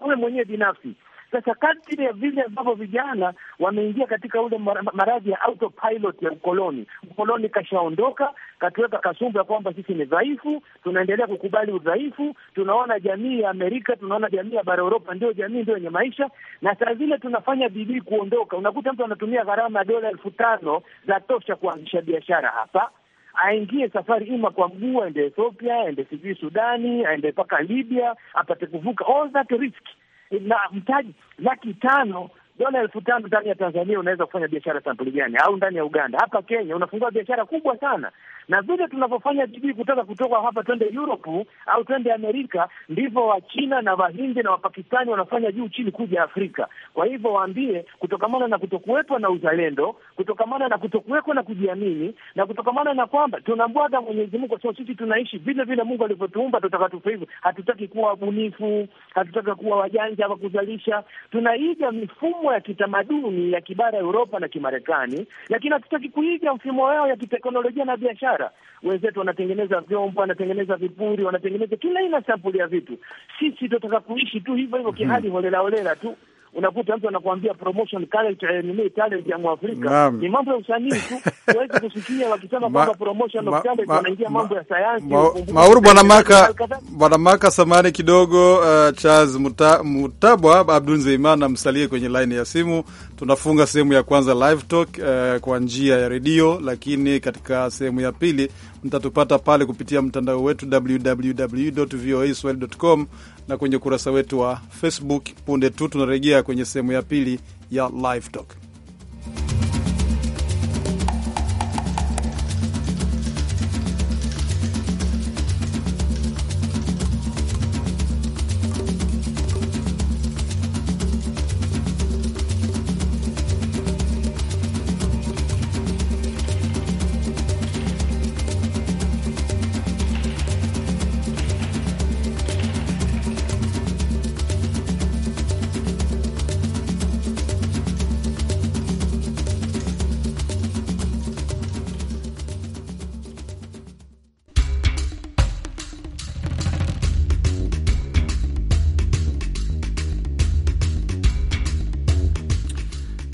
wewe mwenyewe binafsi sasa kadri ya vile ambavyo vijana wameingia katika ule maradhi ya autopilot ya ukoloni, ukoloni kashaondoka, katuweka kasumba ya kwamba sisi ni dhaifu, tunaendelea kukubali udhaifu. Tunaona jamii ya Amerika, tunaona jamii ya bara Europa ndio jamii ndio yenye maisha, na saa zile tunafanya bidii kuondoka. Unakuta mtu anatumia gharama ya dola elfu tano za tosha kuanzisha biashara hapa aingie safari ima kwa mguu aende Ethiopia, aende sijui Sudani, aende mpaka Libya apate kuvuka all that risk la mtaji laki tano dola elfu tano ndani ya Tanzania unaweza kufanya biashara sampuli gani? Au ndani ya Uganda? Hapa Kenya unafungua biashara kubwa sana, na vile tunavyofanya bidii kutoka kutoka hapa twende Europe au twende Amerika, ndivyo Wachina na Wahindi na Wapakistani wanafanya juu chini kuja Afrika. Kwa hivyo waambie, kutokamana na kutokuwepo na uzalendo, kutokamana na kutokuweko na kujiamini, na kutokamana na kwamba tunambwaga Mwenyezi Mungu, sio sisi tunaishi vile vile Mungu alivyotuumba, tutaka tufe hivyo. Hatutaki kuwa wabunifu, hatutaki kuwa wajanja wa kuzalisha, tunaiga mifumo mifumo ya kitamaduni ya kibara Europa na kimarekani, lakini hatutaki kuiga mfumo wao ya kiteknolojia na biashara. Wenzetu wanatengeneza vyombo, wanatengeneza vipuri, wanatengeneza kila aina sampuli ya vitu. Sisi tunataka kuishi tu hivyo hivyo mhm. kihali, holela holela tu unakuta mtu anakuambia promotion talent, eh, nini talent ya Mwafrika ni mambo ya usanii tu. *laughs* Huwezi kusikia wakisema kwamba promotion of talent, wanaingia mambo ya sayansi. Mauru bwana maka bwana maka samani kidogo. Uh, Charles Muta, Mutabwa Abdul Zeiman amsalie kwenye line ya simu. Tunafunga sehemu ya kwanza live talk uh, kwa njia ya redio, lakini katika sehemu ya pili mtatupata pale kupitia mtandao wetu www.voaswahili.com na kwenye ukurasa wetu wa Facebook. Punde tu tunarejea kwenye sehemu ya pili ya Live Talk.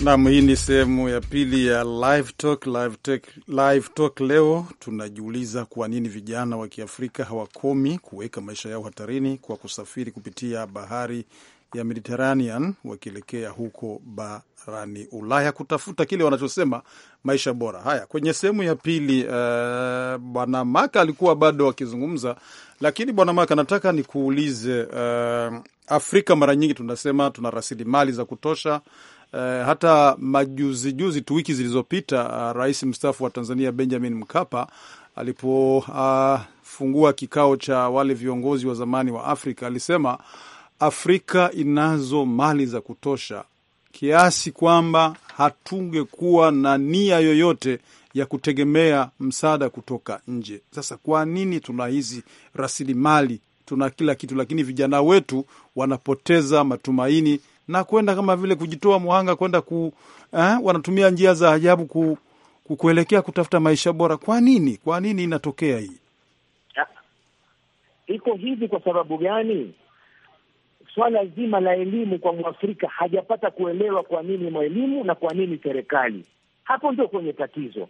Nam, hii ni sehemu ya pili ya live talk, live talk, live talk. Leo tunajiuliza kwa nini vijana wa Kiafrika hawakomi kuweka maisha yao hatarini kwa kusafiri kupitia bahari ya Mediterranean wakielekea huko barani Ulaya kutafuta kile wanachosema maisha bora. Haya, kwenye sehemu ya pili, uh, Bwana Maka alikuwa bado akizungumza, lakini Bwana Maka, nataka nikuulize, uh, Afrika mara nyingi tunasema tuna rasilimali za kutosha eh, hata majuzi juzi tu wiki zilizopita eh, rais mstaafu wa Tanzania Benjamin Mkapa alipofungua ah, uh, kikao cha wale viongozi wa zamani wa Afrika alisema Afrika inazo mali za kutosha kiasi kwamba hatungekuwa na nia yoyote ya kutegemea msaada kutoka nje. Sasa kwa nini tuna hizi rasilimali, tuna kila kitu, lakini vijana wetu wanapoteza matumaini na kwenda kama vile kujitoa muhanga kwenda ku eh, wanatumia njia za ajabu ku, kuelekea kutafuta maisha bora. Kwa nini? Kwa nini inatokea hii? Ah, iko hivi kwa sababu gani? Swala zima la elimu kwa Mwafrika hajapata kuelewa kwa nini mwelimu na kwa nini serikali. Hapo ndio kwenye tatizo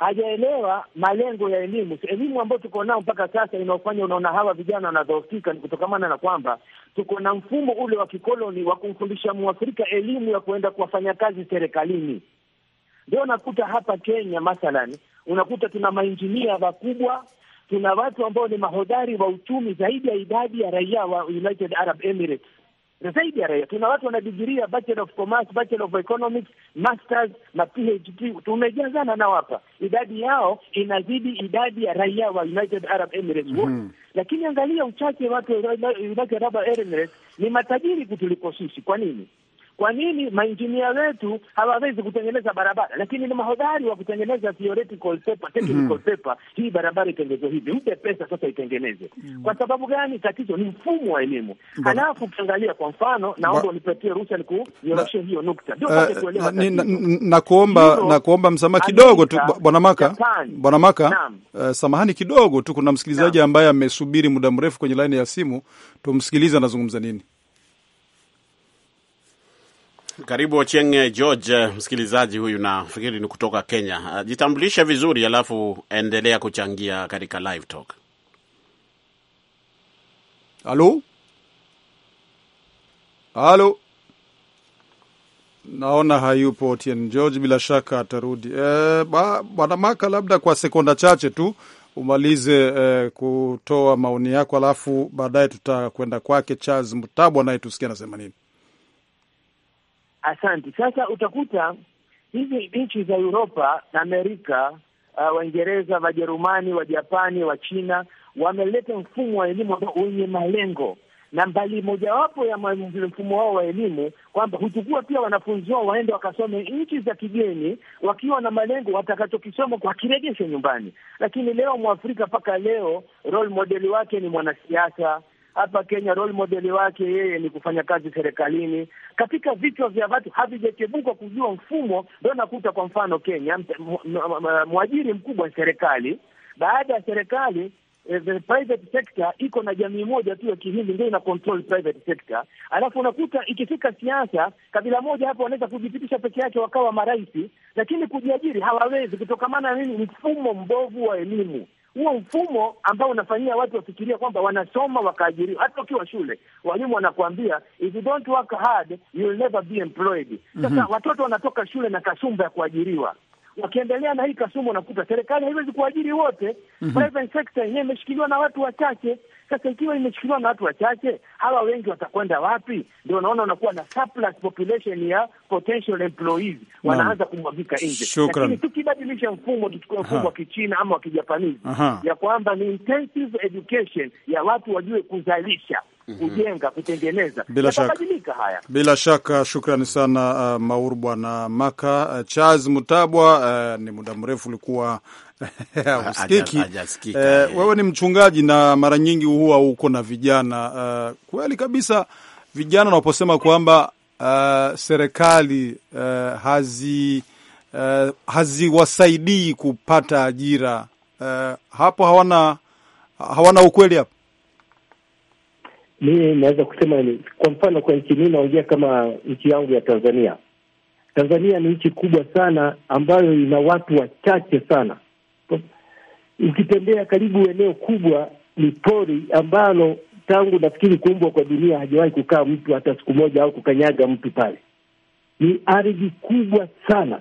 hajaelewa malengo ya elimu. Elimu ambayo tuko nao mpaka sasa inaofanya unaona hawa vijana wanadhoofika ni kutokamana na kwamba tuko na mfumo ule wa kikoloni wa kumfundisha Mwafrika elimu ya kuenda kuwafanya kazi serikalini. Ndio unakuta hapa Kenya mathalan, unakuta tuna mainjinia wakubwa, tuna watu ambao ni mahodari wa uchumi zaidi ya idadi ya raia wa United Arab Emirates zaidi ya raia. Tuna watu wana digrii ya bachelor of commerce, bachelor of economics, masters na PhD. Tumejazana nao hapa, idadi yao inazidi idadi ya raia wa United Arab Emirates wote mm. Lakini angalia uchache watu United Arab Emirates ni matajiri kutuliko sisi. Kwa nini? Kwa nini mainjinia wetu hawawezi kutengeneza barabara, lakini ni mahodari wa kutengeneza theoretical paper, technical mhm. paper, hii barabara itengenezwe hivi, mpe pesa sasa itengenezwe. Mm. Kwa sababu gani? Tatizo ni mfumo wa elimu. Halafu ukiangalia kwa mfano, naomba unipatie ruhusa nikuyoroshe hiyo nukta, ndio eh, pate kuelewa. na nakuomba msamaha kidogo tu, bwana Maka, bwana Maka, eh, samahani kidogo tu, kuna msikilizaji ambaye amesubiri muda mrefu kwenye laini ya simu, tumsikilize anazungumza nini. Karibu Ochieng eh, George, eh, msikilizaji huyu nafikiri ni kutoka Kenya. Ah, jitambulishe vizuri, alafu endelea kuchangia katika live talk. Halo, halo, naona hayupo Otieng George, bila shaka atarudi. E, bwana Maka, labda kwa sekonda chache tu umalize eh, kutoa maoni yako, alafu baadaye tutakwenda kwake Charles Mtabwa naye tusikia anasema nini. Asante. Sasa utakuta hizi nchi za Uropa na Amerika, uh, Waingereza, Wajerumani, Wajapani, Wachina wameleta mfumo wa elimu ambao wenye malengo, na mbali mojawapo ya mfumo wao wa elimu kwamba huchukua pia wanafunzi wao waende wakasome nchi za kigeni, wakiwa na malengo watakachokisoma wakiregesha nyumbani. Lakini leo Mwafrika mpaka leo role model wake ni mwanasiasa hapa Kenya role model wake yeye ni kufanya kazi serikalini. Katika vichwa vya watu havijachebuka kujua mfumo, ndio nakuta kwa mfano Kenya mwajiri mkubwa ni serikali, baada ya serikali eh, The private sector iko na jamii moja tu ya Kihindi ndio ina control private sector, alafu unakuta ikifika siasa, kabila moja hapo wanaweza kujipitisha peke yake wakawa marais, lakini kujiajiri hawawezi. Kutokamana na nini? Mfumo mbovu wa elimu huo mfumo ambao unafanyia watu wafikiria kwamba wanasoma wakaajiriwa. Hata wakiwa shule, walimu wanakuambia if you don't work hard you'll never be employed. Sasa mm -hmm. watoto wanatoka shule na kasumba ya kuajiriwa wakiendelea na hii kasumu, unakuta serikali haiwezi kuajiri wote. mm -hmm. Private sector yenyewe imeshikiliwa na watu wachache. Sasa ikiwa imeshikiliwa na watu wachache, hawa wengi watakwenda wapi? Ndio unaona unakuwa na surplus population ya potential employees, wanaanza kumwagika nje. Lakini tukibadilisha mfumo, tuchukue mfumo wa Kichina ama wa Kijapanizi ya kwamba ni intensive education ya watu wajue kuzalisha Mhm. kujenga, kutengeneza. Bila shaka haya, bila shaka. Shukrani sana uh, Maur Bwana Maka uh, Charles Mutabwa uh, ni muda mrefu ulikuwa usikiki *laughs* uh, uh eh. wewe ni mchungaji na mara nyingi huwa uko na vijana uh, kweli kabisa vijana wanaposema kwamba uh, serikali uh, hazi uh, haziwasaidii kupata ajira uh, hapo hawana hawana ukweli hapo mimi naweza kusema ni kwa mfano, kwa nchi mii naongea kama nchi yangu ya Tanzania. Tanzania ni nchi kubwa sana ambayo ina watu wachache sana. Ukitembea karibu eneo kubwa ni pori ambalo tangu nafikiri kuumbwa kwa dunia hajawahi kukaa mtu hata siku moja au kukanyaga mtu pale. Ni ardhi kubwa sana,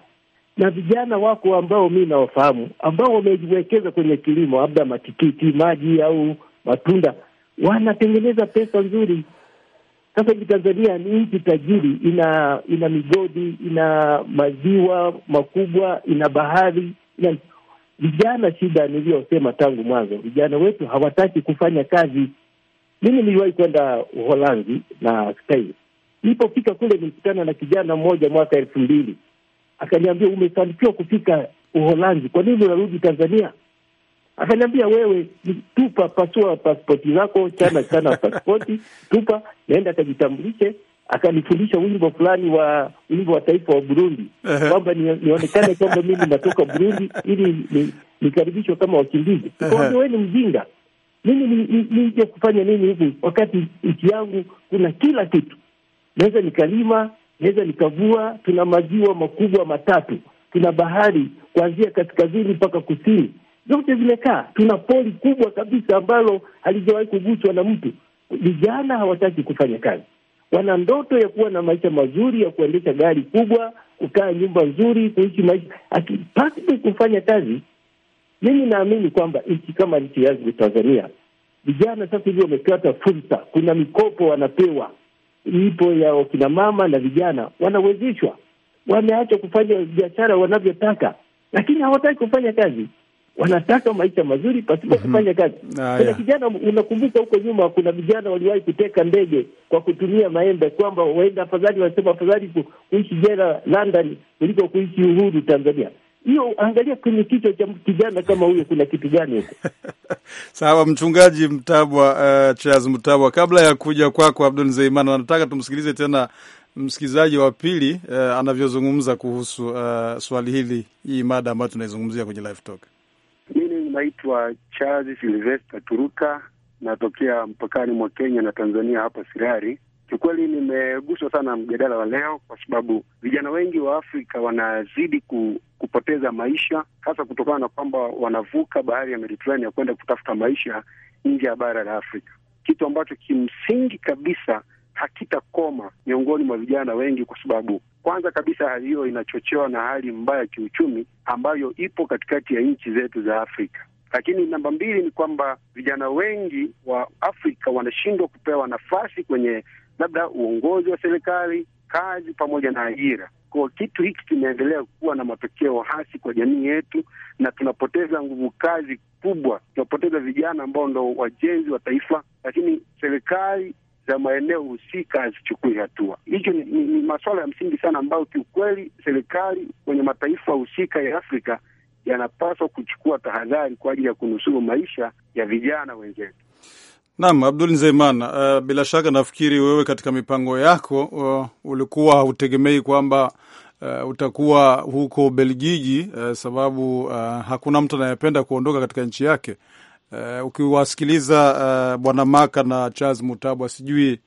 na vijana wako ambao mi nawafahamu ambao wamejiwekeza kwenye kilimo, labda matikiti maji au matunda wanatengeneza pesa nzuri. Sasa hivi Tanzania ni nchi tajiri, ina ina migodi, ina maziwa makubwa, ina bahari, ina vijana. Shida niliyosema tangu mwanzo, vijana wetu hawataki kufanya kazi. Mimi niliwahi kwenda Uholanzi na Spain. Nilipofika kule, nilikutana na kijana mmoja mwaka elfu mbili akaniambia, umefanikiwa kufika Uholanzi, kwa nini unarudi Tanzania? Akaniambia wewe, tupa, pasua paspoti zako, chana chana paspoti, tupa, naenda akajitambulishe. Akanifundisha wimbo fulani wa wimbo wa taifa wa Burundi kwamba nionekane kwamba mimi natoka Burundi ili nikaribishwe ni kama wakimbizi. Wewe ni mjinga, mimi nije kufanya nini hivi wakati nchi yangu kuna kila kitu? Naweza nikalima, naweza nikavua, tuna maziwa makubwa matatu, tuna bahari kuanzia kaskazini mpaka kusini zote zimekaa. Tuna poli kubwa kabisa ambalo halijawahi kuguswa na mtu. Vijana hawataki kufanya kazi, wana ndoto ya kuwa na maisha mazuri, ya kuendesha gari kubwa, kukaa nyumba nzuri, kuishi maisha, akipasi kufanya kazi. Mimi naamini kwamba nchi kama nchi yangu Tanzania, vijana sasa hivi wamepata fursa. Kuna mikopo wanapewa, ipo ya wakinamama na vijana, wanawezeshwa, wameacha kufanya biashara wanavyotaka, lakini hawataki kufanya kazi wanataka maisha mazuri pasipo mhm. kufanya kazi. Ah, kuna kijana unakumbuka, huko nyuma kuna vijana waliwahi kuteka ndege kwa kutumia maembe, kwamba waenda afadhali, wanasema afadhali kuishi jela London kuliko kuishi uhuru Tanzania. Hiyo angalia kwenye kichwa cha kijana kama huyo kuna kitu gani huko? *laughs* Sawa, Mchungaji Mtabwa, uh, Charles Mtabwa, kabla ya kuja kwako kwa Abdul Zeimana, nataka tumsikilize tena msikilizaji wa pili uh, anavyozungumza kuhusu uh, swali hili, hii mada ambayo tunaizungumzia kwenye live talk naitwa Charles Silvester Turuka, natokea mpakani mwa Kenya na Tanzania, hapa Sirari. Kiukweli nimeguswa sana mjadala wa leo, kwa sababu vijana wengi wa Afrika wanazidi ku, kupoteza maisha, hasa kutokana na kwamba wanavuka bahari ya Mediterania kwenda kutafuta maisha nje ya bara la Afrika, kitu ambacho kimsingi kabisa hakitakoma miongoni mwa vijana wengi, kwa sababu kwanza kabisa hali hiyo inachochewa na hali mbaya ya kiuchumi ambayo ipo katikati ya nchi zetu za Afrika. Lakini namba mbili ni kwamba vijana wengi wa Afrika wanashindwa kupewa nafasi kwenye labda uongozi wa serikali, kazi pamoja na ajira. Kwa kitu hiki kinaendelea kuwa na matokeo hasi kwa jamii yetu, na tunapoteza nguvu kazi kubwa, tunapoteza vijana ambao ndo wajenzi wa taifa. Lakini serikali za maeneo husika hazichukui hatua. Hicho ni, ni, ni masuala ya msingi sana ambayo kiukweli serikali kwenye mataifa husika ya Afrika yanapaswa kuchukua tahadhari kwa ajili ya kunusuru maisha ya vijana wenzetu. Naam, Abdul Nzeimana, uh, bila shaka nafikiri wewe katika mipango yako uh, ulikuwa hautegemei kwamba Uh, utakuwa huko Belgiji uh, sababu uh, hakuna mtu anayependa kuondoka katika nchi yake, Uh, ukiwasikiliza uh, Bwana Maka na Charles Mutabwa, sijui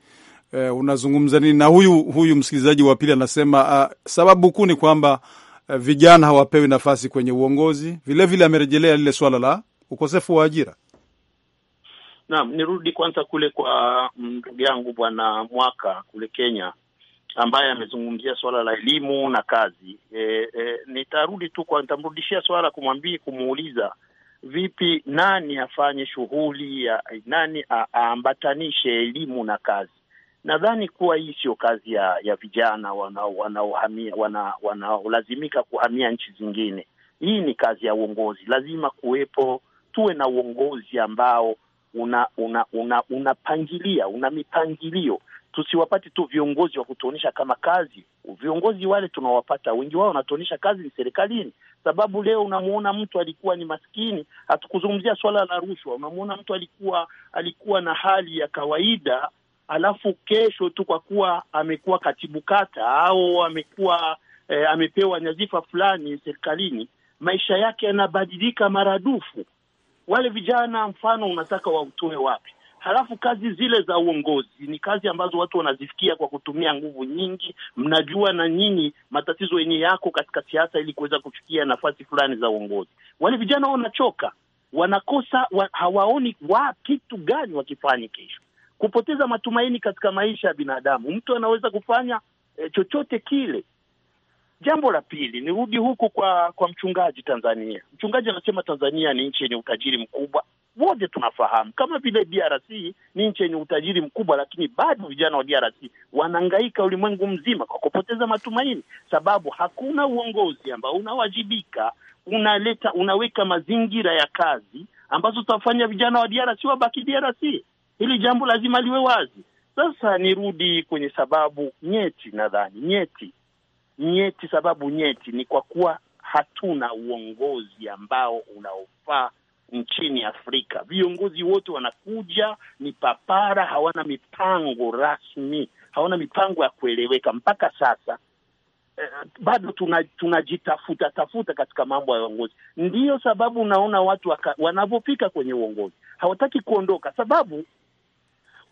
uh, unazungumza nini na huyu huyu msikilizaji wa pili anasema, uh, sababu kuu ni kwamba uh, vijana hawapewi nafasi kwenye uongozi. Vilevile amerejelea lile swala la ukosefu wa ajira. Naam, nirudi kwanza kule kwa ndugu yangu Bwana Mwaka kule Kenya ambaye amezungumzia swala la elimu na kazi. E, e, nitarudi tu kwa nitamrudishia swala kumwambia kumuuliza vipi, nani afanye shughuli ya nani, aambatanishe elimu na kazi. Nadhani kuwa hii sio kazi ya ya vijana wanaolazimika wana, wana, wana kuhamia nchi zingine. Hii ni kazi ya uongozi. Lazima kuwepo, tuwe na uongozi ambao unapangilia una, una, una mipangilio. Tusiwapate tu viongozi wa kutuonyesha kama kazi. Viongozi wale tunawapata wengi wao wanatuonyesha kazi ni serikalini, sababu leo unamwona mtu alikuwa ni maskini, hatukuzungumzia swala la rushwa, unamuona mtu alikuwa alikuwa na hali ya kawaida, alafu kesho tu kwa kuwa amekuwa katibu kata au amekuwa eh, amepewa nyadhifa fulani serikalini, maisha yake yanabadilika maradufu. Wale vijana mfano unataka wautoe wapi? Halafu kazi zile za uongozi ni kazi ambazo watu wanazifikia kwa kutumia nguvu nyingi. Mnajua na nyinyi matatizo yenye yako katika siasa, ili kuweza kufikia nafasi fulani za uongozi. Wale vijana wanachoka, wanakosa wa, hawaoni wa kitu gani wakifanye kesho, kupoteza matumaini katika maisha ya binadamu. Mtu anaweza kufanya eh, chochote kile Jambo la pili, nirudi huku kwa kwa mchungaji Tanzania. Mchungaji anasema Tanzania ni nchi yenye utajiri mkubwa. Wote tunafahamu kama vile DRC ni nchi yenye utajiri mkubwa, lakini bado vijana wa DRC wanaangaika ulimwengu mzima kwa kupoteza matumaini, sababu hakuna uongozi ambao unawajibika, unaleta unaweka mazingira ya kazi ambazo tutafanya vijana wa DRC wabaki DRC. Hili jambo lazima liwe wazi. Sasa nirudi kwenye sababu nyeti, nadhani nyeti nyeti. Sababu nyeti ni kwa kuwa hatuna uongozi ambao unaofaa nchini Afrika. Viongozi wote wanakuja ni papara, hawana mipango rasmi, hawana mipango ya kueleweka mpaka sasa. Eh, bado tunajitafuta tuna tafuta katika mambo ya uongozi. Ndiyo sababu unaona watu wanavyofika kwenye uongozi hawataki kuondoka, sababu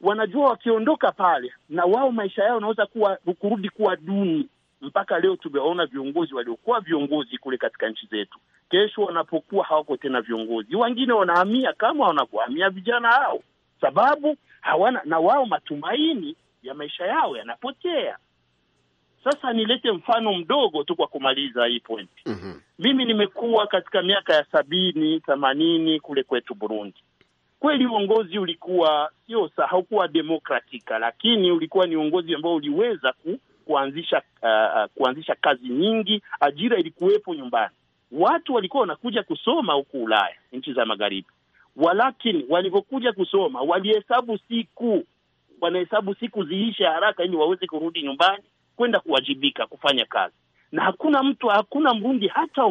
wanajua wakiondoka pale na wao maisha yao wanaweza kuwa kurudi kuwa duni mpaka leo tumewaona viongozi waliokuwa viongozi kule katika nchi zetu, kesho wanapokuwa hawako tena viongozi, wengine wanahamia kama wanakuhamia vijana hao, sababu hawana na wao, matumaini ya maisha yao yanapotea. Sasa nilete mfano mdogo tu kwa kumaliza hii pointi. mm -hmm. Mimi nimekuwa katika miaka ya sabini themanini kule kwetu Burundi. Kweli uongozi ulikuwa sio, haukuwa demokratika, lakini ulikuwa ni uongozi ambao uliweza ku kuanzisha uh, uh, kuanzisha kazi nyingi, ajira ilikuwepo nyumbani, watu walikuwa wanakuja kusoma huku Ulaya, nchi za magharibi. Walakini walivyokuja kusoma walihesabu siku, wanahesabu siku ziishe haraka ili waweze kurudi nyumbani kwenda kuwajibika kufanya kazi na hakuna mtu, hakuna Mrundi hata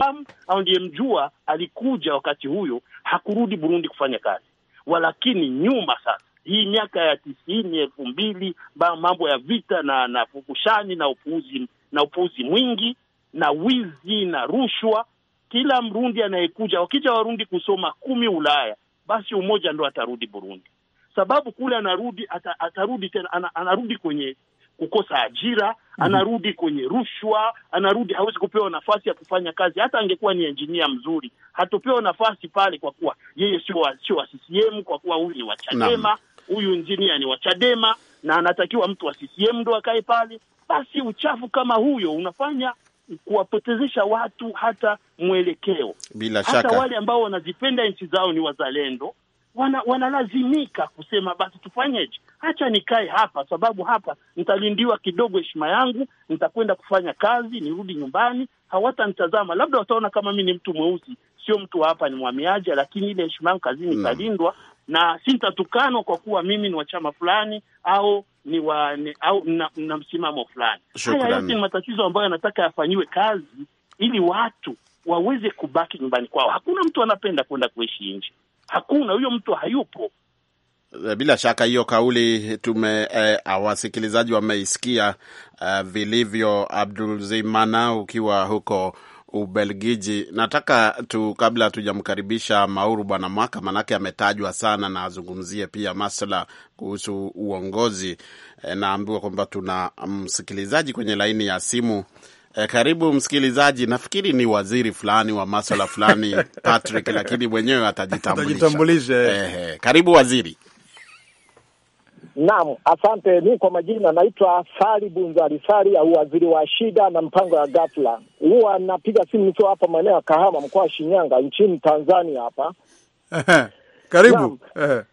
au ndiye mjua alikuja wakati huyo, hakurudi Burundi kufanya kazi. Walakini nyuma sasa hii miaka ya tisini elfu mbili mambo ya vita na na fukushani na upuuzi na upuuzi mwingi na wizi na rushwa. Kila Mrundi anayekuja, wakija Warundi kusoma kumi Ulaya, basi umoja ndo atarudi Burundi, sababu kule anarudi ata, atarudi tena ana, anarudi kwenye kukosa ajira mm -hmm. Anarudi kwenye rushwa, anarudi hawezi kupewa nafasi ya kufanya kazi. Hata angekuwa ni enjinia mzuri, hatopewa nafasi pale, kwa kuwa yeye sio wa, wa CCM, kwa kuwa huyu ni wachadema huyu injinia ni wa Chadema na anatakiwa mtu wa CCM ndo akae pale, basi uchafu kama huyo unafanya kuwapotezesha watu hata mwelekeo. Bila hata wale ambao wanazipenda nchi zao ni wazalendo wana, wanalazimika kusema basi tufanyeje? Hacha nikae hapa, sababu hapa nitalindiwa kidogo heshima yangu, nitakwenda kufanya kazi, nirudi nyumbani, hawatanitazama labda wataona kama mi ni mtu mweusi, sio mtu hapa, ni mhamiaji, lakini ile heshima yangu kazini italindwa na sitatukanwa kwa kuwa mimi ni wa chama fulani au ni wa ni, au na, na msimamo fulani. Haya yote ni matatizo ambayo yanataka yafanyiwe kazi ili watu waweze kubaki nyumbani kwao. Hakuna mtu anapenda kwenda kuishi nje, hakuna huyo mtu hayupo. Eh, bila shaka hiyo kauli tume eh, wasikilizaji wameisikia eh, vilivyo. Abdul Zimana ukiwa huko Ubelgiji. Nataka tu kabla hatujamkaribisha Mauru Bwana Mwaka, manake ametajwa sana na azungumzie pia masuala kuhusu uongozi. E, naambiwa kwamba tuna msikilizaji kwenye laini ya simu. E, karibu msikilizaji. Nafikiri ni waziri fulani wa masuala fulani *laughs* Patrick, lakini mwenyewe atajitambulisha. E, karibu waziri. Naam, asante. Mi kwa majina naitwa Sari Bunzari Sari au waziri wa shida na mpango ya ghafla. Huwa napiga simu nikiwa hapa maeneo ya Kahama, mkoa wa Shinyanga, nchini Tanzania hapa karibu e,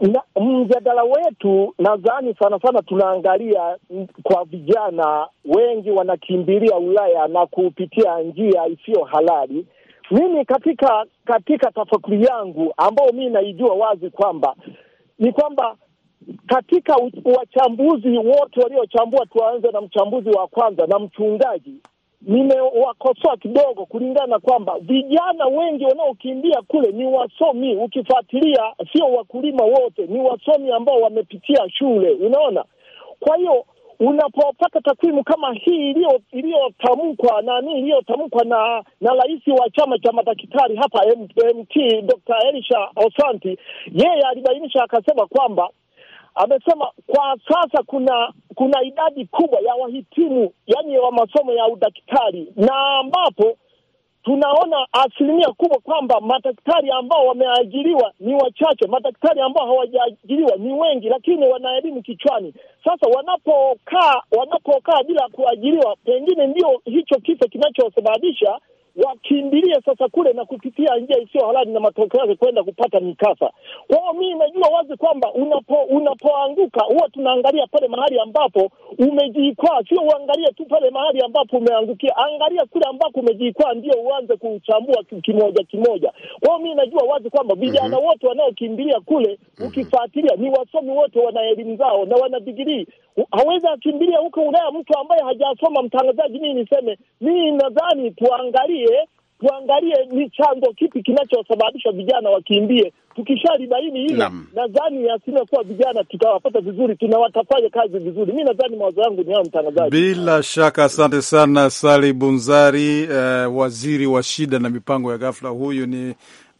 na, e, mjadala wetu nadhani sana sana tunaangalia kwa vijana wengi wanakimbilia Ulaya na kupitia njia isiyo halali. Mimi katika katika tafakuri yangu ambayo mi naijua wazi kwamba ni kwamba katika wachambuzi wote waliochambua, tuanze na mchambuzi wa kwanza na mchungaji, nimewakosoa kidogo kulingana na kwamba vijana wengi wanaokimbia kule ni wasomi. Ukifuatilia, sio wakulima wote, ni wasomi ambao wamepitia shule, unaona. Kwa hiyo unapopata takwimu kama hii iliyotamkwa nani, iliyotamkwa na na rais wa chama cha madaktari hapa MT, Dr. Elisha Osanti, yeye alibainisha akasema kwamba amesema kwa sasa kuna kuna idadi kubwa ya wahitimu yani wa masomo ya udaktari, na ambapo tunaona asilimia kubwa kwamba madaktari ambao wameajiriwa ni wachache, madaktari ambao hawajaajiriwa ni wengi, lakini wana elimu kichwani. Sasa wanapokaa wanapokaa bila kuajiriwa, pengine ndio hicho kisa kinachosababisha wakimbilie sasa kule na kupitia njia isiyo halali na matokeo yake kwenda kupata mikasa. Kwa hiyo mimi najua wazi kwamba unapo unapoanguka huwa tunaangalia pale mahali ambapo umejiikwaa, sio uangalie tu pale mahali ambapo umeangukia, angalia kule ambapo umejiikwaa ndio uanze kuchambua kimoja kimoja. Kwa hiyo mimi najua wazi kwamba vijana mm -hmm. wote wanaokimbilia kule mm -hmm. ukifuatilia ni wasomi wote, wana elimu zao na wana digirii. Hawezi akimbilia huko Ulaya mtu ambaye hajasoma. Mtangazaji, mii niseme, mii nadhani tuangalie tuangalie tuangalie ni chanzo kipi kinachosababisha vijana wakimbie. Tukishalibaini hilo, nadhani kuwa vijana tutawapata vizuri, tunawatafanya kazi vizuri. Mi nadhani mawazo yangu ni hayo, mtangazaji. Bila shaka, asante sana Sali Bunzari, uh, waziri wa shida na mipango ya ghafla. Huyu ni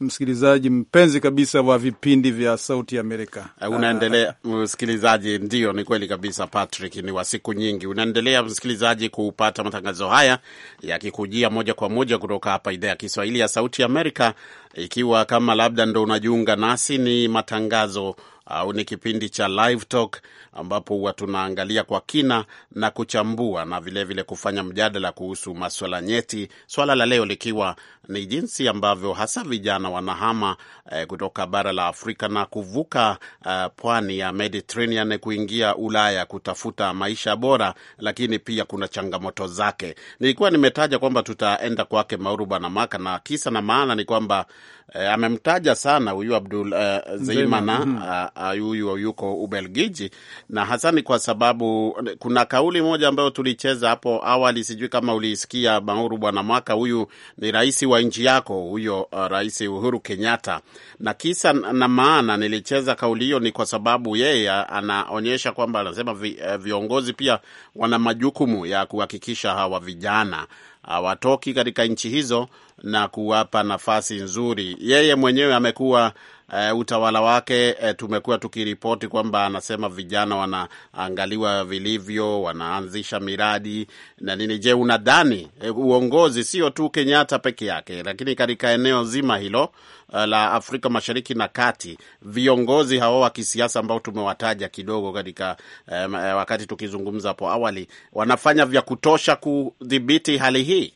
msikilizaji mpenzi kabisa wa vipindi vya Sauti Amerika. Eh, unaendelea msikilizaji, ndio ni kweli kabisa Patrick, ni wa siku nyingi. Unaendelea msikilizaji kupata matangazo haya yakikujia moja kwa moja kutoka hapa idhaa ya Kiswahili ya Sauti Amerika. Ikiwa kama labda ndo unajiunga nasi, ni matangazo au ni kipindi cha Live Talk ambapo huwa tunaangalia kwa kina na kuchambua na vilevile vile kufanya mjadala kuhusu maswala nyeti, swala la leo likiwa ni jinsi ambavyo hasa vijana wanahama eh, kutoka bara la Afrika na kuvuka eh, pwani ya Mediterranean kuingia Ulaya kutafuta maisha bora, lakini pia kuna changamoto zake. Nilikuwa nimetaja kwamba tutaenda kwake Mauru Bwana Maka, na kisa na maana ni kwamba eh, amemtaja sana huyu Abdul eh, Zeimana mhm. ah, ah, huyu uh, yuko Ubelgiji, na hasa ni kwa sababu kuna kauli moja ambayo tulicheza hapo awali, sijui kama uliisikia Mauru Bwana Maka, huyu ni rais wa nchi yako huyo, uh, Rais Uhuru Kenyatta. Na kisa na maana nilicheza kauli hiyo ni kwa sababu yeye anaonyesha kwamba anasema vi, uh, viongozi pia wana majukumu ya kuhakikisha hawa vijana hawatoki katika nchi hizo na kuwapa nafasi nzuri. Yeye mwenyewe amekuwa uh, utawala wake uh, tumekuwa tukiripoti kwamba anasema vijana wanaangaliwa vilivyo, wanaanzisha miradi na nini. Je, unadhani uh, uongozi sio tu Kenyatta peke yake, lakini katika eneo zima hilo uh, la Afrika Mashariki na Kati, viongozi hao wa kisiasa ambao tumewataja kidogo katika um, wakati tukizungumza hapo awali, wanafanya vya kutosha kudhibiti hali hii?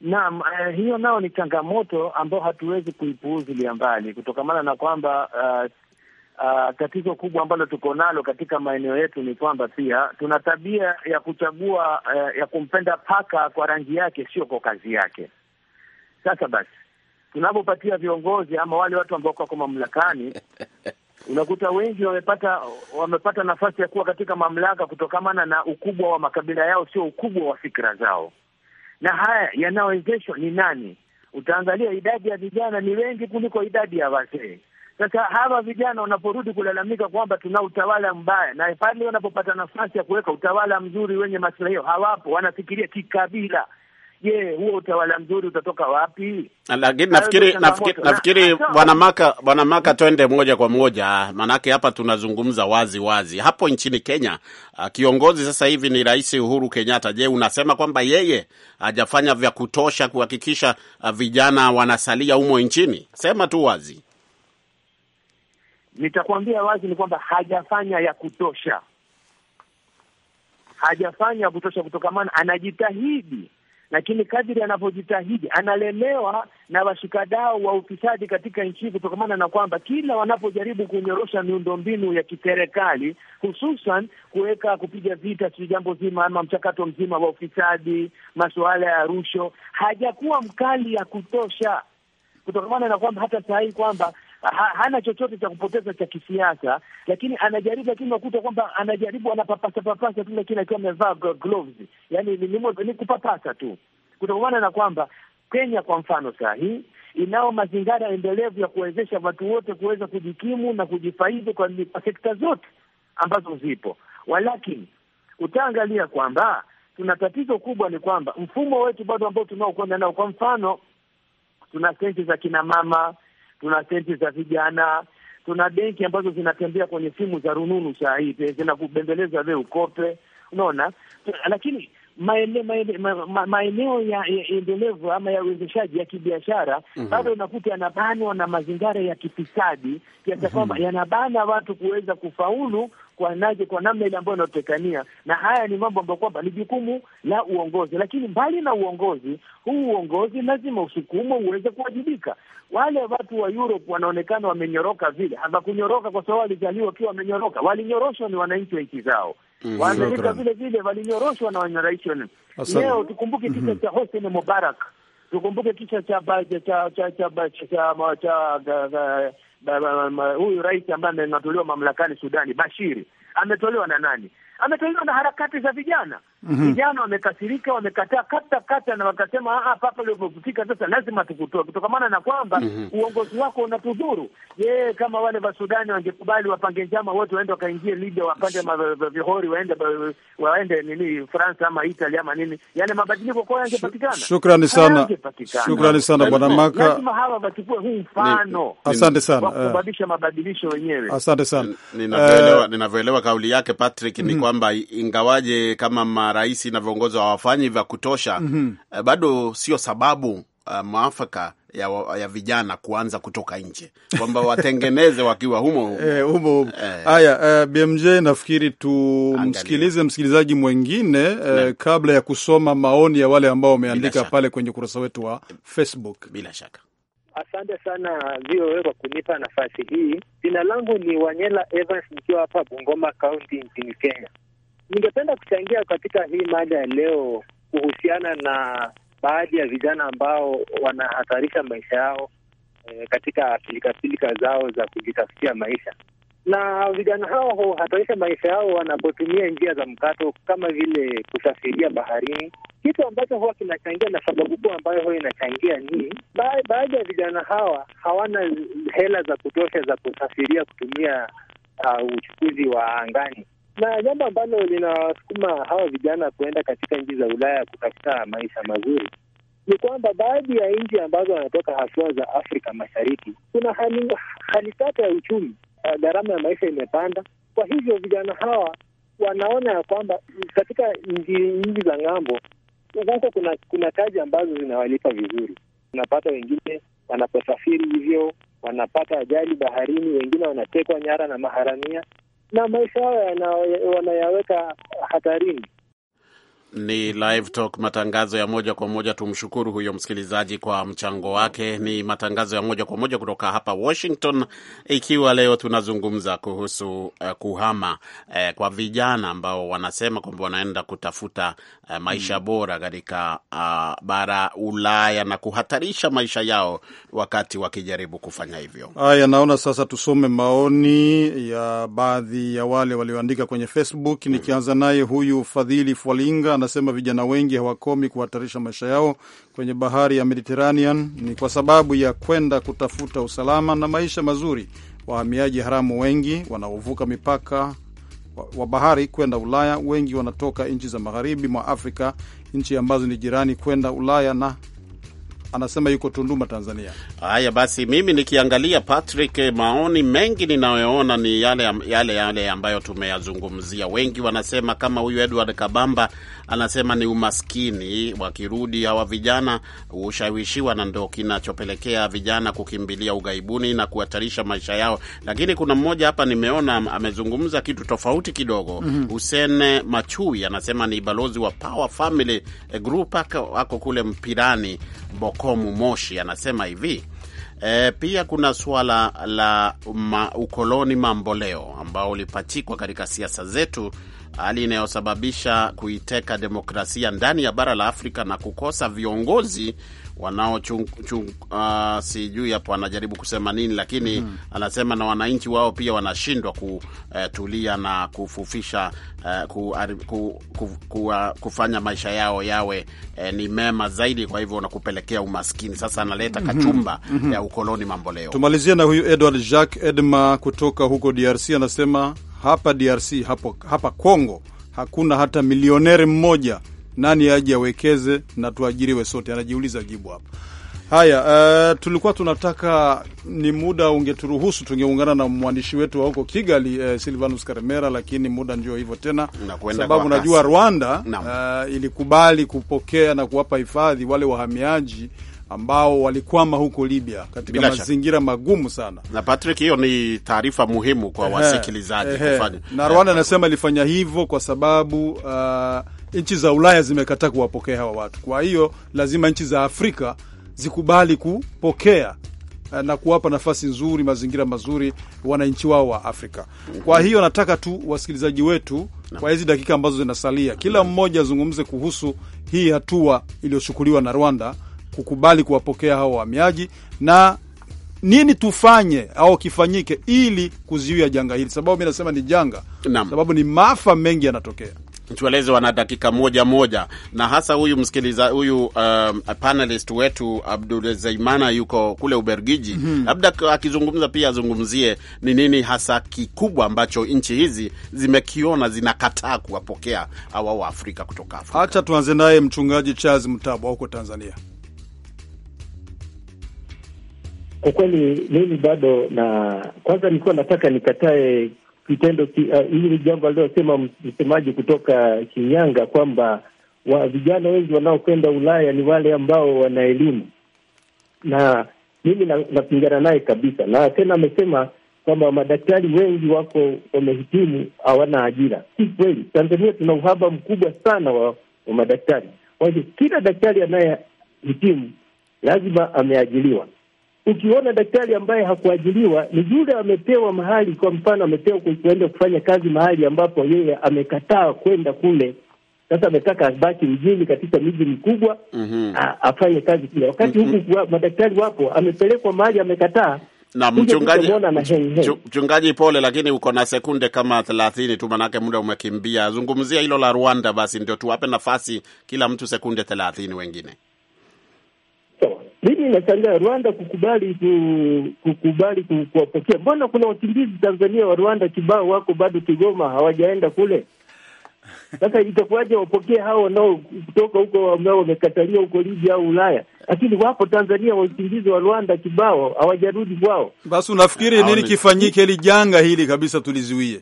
Naam, uh, hiyo nao ni changamoto ambayo hatuwezi kuipuuzilia mbali kutokamana na kwamba uh, uh, tatizo kubwa ambalo tuko nalo katika maeneo yetu ni kwamba pia tuna tabia ya kuchagua uh, ya kumpenda paka kwa rangi yake, sio kwa kazi yake. Sasa basi, tunapopatia viongozi ama wale watu ambao wako mamlakani *laughs* unakuta wengi wamepata wamepata nafasi ya kuwa katika mamlaka kutokamana na ukubwa wa makabila yao, sio ukubwa wa fikira zao na haya yanawezeshwa ni nani? Utaangalia idadi ya vijana ni wengi kuliko idadi ya wazee. Sasa hawa vijana wanaporudi kulalamika kwamba tuna utawala mbaya, na pale wanapopata nafasi ya kuweka utawala mzuri wenye maslahi hawapo, wanafikiria kikabila. Je, huo utawala mzuri utatoka wapi? Lakini nafikiri nafikiri, nafikiri bwana Maka, bwana Maka, twende moja kwa moja, maanake hapa tunazungumza wazi wazi. Hapo nchini Kenya ah, kiongozi sasa hivi ni Rais Uhuru Kenyatta. Je, unasema kwamba yeye hajafanya vya kutosha kuhakikisha ah, vijana wanasalia humo nchini? Sema tu wazi. Nitakuambia wazi ni kwamba hajafanya ya kutosha, hajafanya ya kutosha kutokamana, anajitahidi lakini kadiri anavyojitahidi analemewa na washikadao wa ufisadi katika nchi, hii kutokamana na kwamba kila wanapojaribu kunyorosha miundombinu ya kiserikali, hususan kuweka kupiga vita si jambo zima ama mchakato mzima wa ufisadi, masuala ya rusho, hajakuwa mkali ya kutosha, kutokamana na kwamba hata sahihi kwamba ha, hana chochote cha kupoteza cha kisiasa, lakini anajaribu, lakini unakuta kwamba anajaribu anapapasa papasa tu, lakini akiwa amevaa gloves, yani ni, ni, ni kupapasa tu, kutokana na kwamba Kenya kwa mfano saa hii inao mazingira endelevu ya kuwezesha watu wote kuweza kujikimu na kujifaidi kwa, sekta zote ambazo zipo, walakini utaangalia kwamba tuna tatizo kubwa, ni kwamba mfumo wetu bado ambao tunaokwenda nao, kwa mfano tuna senti za kina mama tuna senti za vijana, tuna benki ambazo zinatembea kwenye simu za rununu saa hii, zinakubembeleza wewe ukope, unaona. Lakini maeneo maene, ma, ya endelevu ama ya uwezeshaji ya kibiashara mm -hmm. bado unakuta yanabanwa na mazingira ya kifisadi kiasi kwamba mm -hmm. yanabana watu kuweza kufaulu kwa naje kwa namna ile ambayo inaotekania, na haya ni mambo ambayo kwamba ni jukumu la uongozi. Lakini mbali na uongozi huu, uongozi lazima usukumwe uweze kuwajibika. Wale watu wa Europe wanaonekana wamenyoroka vile, hawakunyoroka kwa sababu walizaliwa wakiwa wamenyoroka, walinyoroshwa ni wananchi wa nchi zao. Mhm. waamerika vile vile walinyoroshwa na wananchi. Leo tukumbuke mhm. kisa mm -hmm. cha Hosni Mubarak, tukumbuke kisa cha huyu rais ambaye anatolewa mamlakani Sudani, Bashiri ametolewa na nani? Ametolewa na harakati za vijana Mhm. Vijana mm -hmm. wamekasirika, wamekataa kata kata, na wakasema ah, papa ulipofika sasa lazima tukutoe, kutokamana na kwamba mm -hmm. uongozi wako unatudhuru. Je, kama wale wa Sudani wangekubali wapange njama wote waende wakaingie Libya, wapande vihori waende waende nini France ama Italy ama nini, yale mabadiliko kwao yangepatikana. Shukrani sana, shukrani sana bwana Maka. Lazima hawa wachukue huu mfano, asante sana, eh. kusababisha mabadilisho wenyewe. Asante sana. Eh, ninavyoelewa kauli yake Patrick ni mhm. kwamba ingawaje kama raisi na viongozi hawafanyi vya kutosha mm -hmm. bado sio sababu uh, mwafaka ya, ya vijana kuanza kutoka nje kwamba watengeneze wakiwa humo humo. E, E. uh, BMJ nafikiri tumsikilize msikilizaji mwengine uh, eh, kabla ya kusoma maoni ya wale ambao wameandika pale kwenye ukurasa wetu wa Facebook. Bila shaka. Asante sana VOA kwa kunipa nafasi hii. Jina langu ni Wanyela Evans, nikiwa hapa Bungoma Kaunti nchini Kenya. Ningependa kuchangia katika hii mada ya leo kuhusiana na baadhi ya vijana ambao wanahatarisha maisha yao e, katika pilikapilika zao za kujitafutia maisha, na vijana hao huhatarisha maisha yao wanapotumia njia za mkato kama vile kusafiria baharini, kitu ambacho huwa kinachangia, na sababu kuu ambayo huwa inachangia ni ba baadhi ya vijana hawa hawana hela za kutosha za kusafiria kutumia uh, uchukuzi wa angani na jambo ambalo linawasukuma hawa vijana kuenda katika nchi za Ulaya kutafuta maisha mazuri ni kwamba baadhi ya nchi ambazo wanatoka haswa za Afrika Mashariki kuna hali, hali tata ya uchumi. Eh, gharama ya maisha imepanda, kwa hivyo vijana hawa wanaona ya kwamba katika nchi za ng'ambo huko kuna kuna kazi ambazo zinawalipa vizuri. Unapata wengine wanaposafiri hivyo wanapata ajali baharini, wengine wanatekwa nyara na maharamia, na maisha yao wanayaweka hatarini ni Live Talk, matangazo ya moja kwa moja. Tumshukuru huyo msikilizaji kwa mchango wake. Ni matangazo ya moja kwa moja kutoka hapa Washington, ikiwa leo tunazungumza kuhusu uh, kuhama uh, kwa vijana ambao wanasema kwamba wanaenda kutafuta uh, maisha hmm, bora katika uh, bara Ulaya na kuhatarisha maisha yao wakati wakijaribu kufanya hivyo. Haya, naona sasa tusome maoni ya baadhi ya wale walioandika kwenye Facebook, mm. nikianza naye huyu Fadhili Fwalinga anasema vijana wengi hawakomi kuhatarisha maisha yao kwenye bahari ya Mediterranean ni kwa sababu ya kwenda kutafuta usalama na maisha mazuri. Wahamiaji haramu wengi wanaovuka mipaka wa bahari kwenda Ulaya, wengi wanatoka nchi za magharibi mwa Afrika, nchi ambazo ni jirani kwenda Ulaya na anasema yuko Tunduma, Tanzania. Haya basi, mimi nikiangalia Patrick, eh, maoni mengi ninayoona ni yale yale yale ambayo tumeyazungumzia. Wengi wanasema kama huyu Edward Kabamba anasema ni umaskini, wakirudi hawa vijana hushawishiwa, na ndo kinachopelekea vijana kukimbilia ughaibuni na kuhatarisha maisha yao. Lakini kuna mmoja hapa nimeona amezungumza kitu tofauti kidogo. mm -hmm. Hussein Machui anasema ni balozi wa Power Family eh, Group, ako kule Mpirani Bokomu Moshi anasema hivi e, pia kuna suala la ma, ukoloni mamboleo ambao ulipachikwa katika siasa zetu hali inayosababisha kuiteka demokrasia ndani ya bara la Afrika na kukosa viongozi wanao chung, chung, uh, ah, sijui hapo anajaribu kusema nini lakini, mm anasema na wananchi wao pia wanashindwa kutulia eh, na kufufisha uh, ku, ku, ku, ku, uh, kufanya maisha yao yawe eh, ni mema zaidi, kwa hivyo nakupelekea umaskini. Sasa analeta mhm. kachumba mm -hmm. ya ukoloni mambo leo. Tumalizia na huyu Edward Jacques Edma kutoka huko DRC anasema hapa DRC, hapo, hapa Kongo hakuna hata milioneri mmoja. Nani aje awekeze na tuajiriwe sote? Anajiuliza jibu hapa. Haya, uh, tulikuwa tunataka ni muda ungeturuhusu tungeungana na mwandishi wetu wa huko Kigali uh, Silvanus Karemera, lakini muda ndio hivyo tena, sababu najua Rwanda uh, ilikubali kupokea na kuwapa hifadhi wale wahamiaji ambao walikwama huko Libya katika mazingira magumu sana. Na Patrick, hiyo ni taarifa muhimu kwa wasikilizaji kufanya. Na Rwanda anasema ilifanya hivyo kwa sababu uh, nchi za Ulaya zimekataa kuwapokea hawa watu, kwa hiyo lazima nchi za Afrika zikubali kupokea uh, na kuwapa nafasi nzuri, mazingira mazuri wananchi wao wa Afrika. Kwa hiyo nataka tu wasikilizaji wetu kwa hizi dakika ambazo zinasalia, kila mmoja azungumze kuhusu hii hatua iliyochukuliwa na Rwanda kukubali kuwapokea hao wahamiaji na nini tufanye au kifanyike ili kuzuia janga hili, sababu mi nasema ni janga Nam. sababu ni maafa mengi yanatokea. Tueleze wana dakika moja moja, na hasa huyu msikiliza huyu um, panelist wetu Abdul Zeimana yuko kule Ubergiji mm -hmm. Labda akizungumza pia azungumzie ni nini hasa kikubwa ambacho nchi hizi zimekiona zinakataa kuwapokea hawa Waafrika kutoka Afrika. Hacha tuanze naye mchungaji Charles Mtabwa huko Tanzania. Kwa kweli mimi bado na kwanza, nilikuwa nataka nikatae kitendo ah, hili uh, jambo aliosema msemaji kutoka Shinyanga kwamba wa vijana wengi wanaokwenda Ulaya ni wale ambao wana elimu, na mimi napingana naye kabisa. Na tena amesema kwamba madaktari wengi wako wamehitimu hawana ajira. Si kweli, Tanzania tuna uhaba mkubwa sana wa, wa madaktari. Kwa hiyo kila daktari anayehitimu lazima ameajiliwa ukiona daktari ambaye hakuajiliwa ni yule amepewa mahali, kwa mfano amepewa kuenda kufanya kazi mahali ambapo yeye amekataa kwenda kule. Sasa ametaka abaki mjini katika miji mikubwa mm -hmm. afanye kazi kule, wakati mm -hmm. huku mhm. madaktari wapo, amepelekwa mahali amekataa na mchungaji, mchungaji pole, lakini uko na sekunde kama thelathini tu, manake muda umekimbia. Zungumzia hilo la Rwanda basi, ndio tuwape nafasi kila mtu sekunde thelathini wengine so mimi nashangaa Rwanda kukubali kukubali kuwapokea. Mbona kuna wakimbizi Tanzania wa Rwanda kibao wako bado Kigoma, hawajaenda kule. Sasa itakuwaje wapokee hao wanao kutoka huko ambao wamekataliwa huko Libya au Ulaya, lakini wapo Tanzania wakimbizi wa Rwanda kibao hawajarudi kwao. Basi unafikiri nini kifanyike ili janga hili kabisa tulizuie?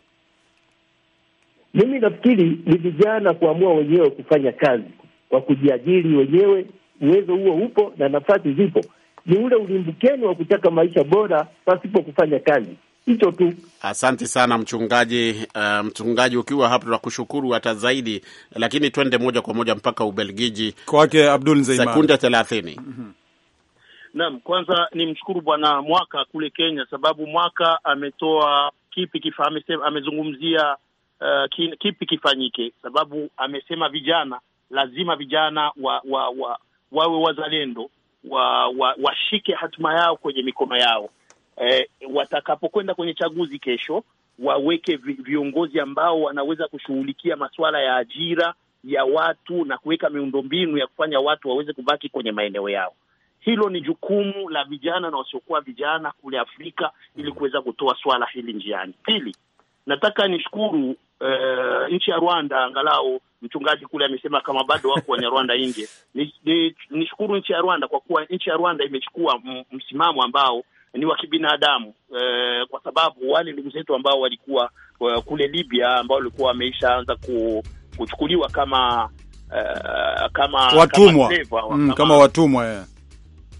Mimi nafikiri ni vijana kuamua wenyewe kufanya kazi kwa kujiajiri wenyewe uwezo huo upo na nafasi zipo, ni ule ulimbukeni wa kutaka maisha bora pasipo kufanya kazi. Hicho tu. Asante sana mchungaji. Uh, mchungaji ukiwa hapo tunakushukuru hata zaidi, lakini twende moja kwa moja mpaka Ubelgiji kwake Abdul Zeima, sekunde thelathini. Mhm. Naam, kwanza ni mshukuru bwana Mwaka kule Kenya, sababu Mwaka ametoa kipi kifa, amesema, amezungumzia uh, eh, kin, kipi kifanyike, sababu amesema vijana lazima vijana wa, wa, wa wawe wazalendo, wa, wa, washike hatima yao kwenye mikono yao. E, watakapokwenda kwenye chaguzi kesho waweke viongozi ambao wanaweza kushughulikia masuala ya ajira ya watu na kuweka miundombinu ya kufanya watu waweze kubaki kwenye maeneo yao. Hilo ni jukumu la vijana na wasiokuwa vijana kule Afrika ili kuweza kutoa swala hili njiani. Pili, nataka nishukuru uh, nchi ya Rwanda, angalau mchungaji kule amesema kama bado wako Wanyarwanda nje. Nishukuru ni, ni nchi ya Rwanda kwa kuwa nchi ya Rwanda imechukua msimamo ambao ni wa kibinadamu eh, kwa sababu wale ndugu zetu ambao walikuwa uh, kule Libya ambao walikuwa wameishaanza ku, kuchukuliwa kama uh, kama watumwa kama, mm, kama, kama watumwa yeah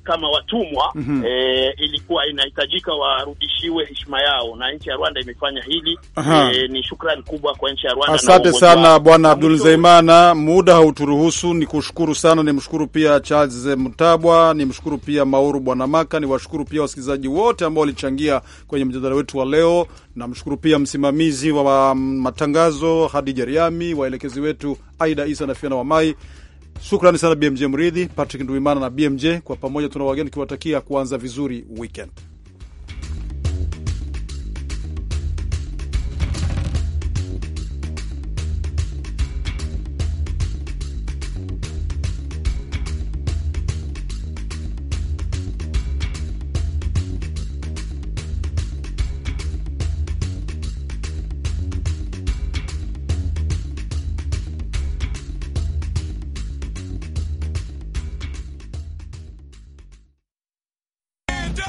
kama watumwa mm -hmm. E, ilikuwa inahitajika warudishiwe heshima yao, na nchi ya Rwanda imefanya hili e, ni shukrani kubwa kwa nchi ya Rwanda. Asante sana Bwana Abdul Zaimana, muda hauturuhusu ni kushukuru sana. Nimshukuru pia Charles Mtabwa, nimshukuru pia Mauru Bwana Maka, niwashukuru pia wasikilizaji wote ambao walichangia kwenye mjadala wetu wa leo. Namshukuru pia msimamizi wa um, matangazo Hadija Riami, waelekezi wetu Aida Isa na Fiona Wamai. Shukrani sana BMJ Mridhi, Patrick Nduimana na BMJ. Kwa pamoja tuna wageni tukiwatakia kuanza vizuri weekend.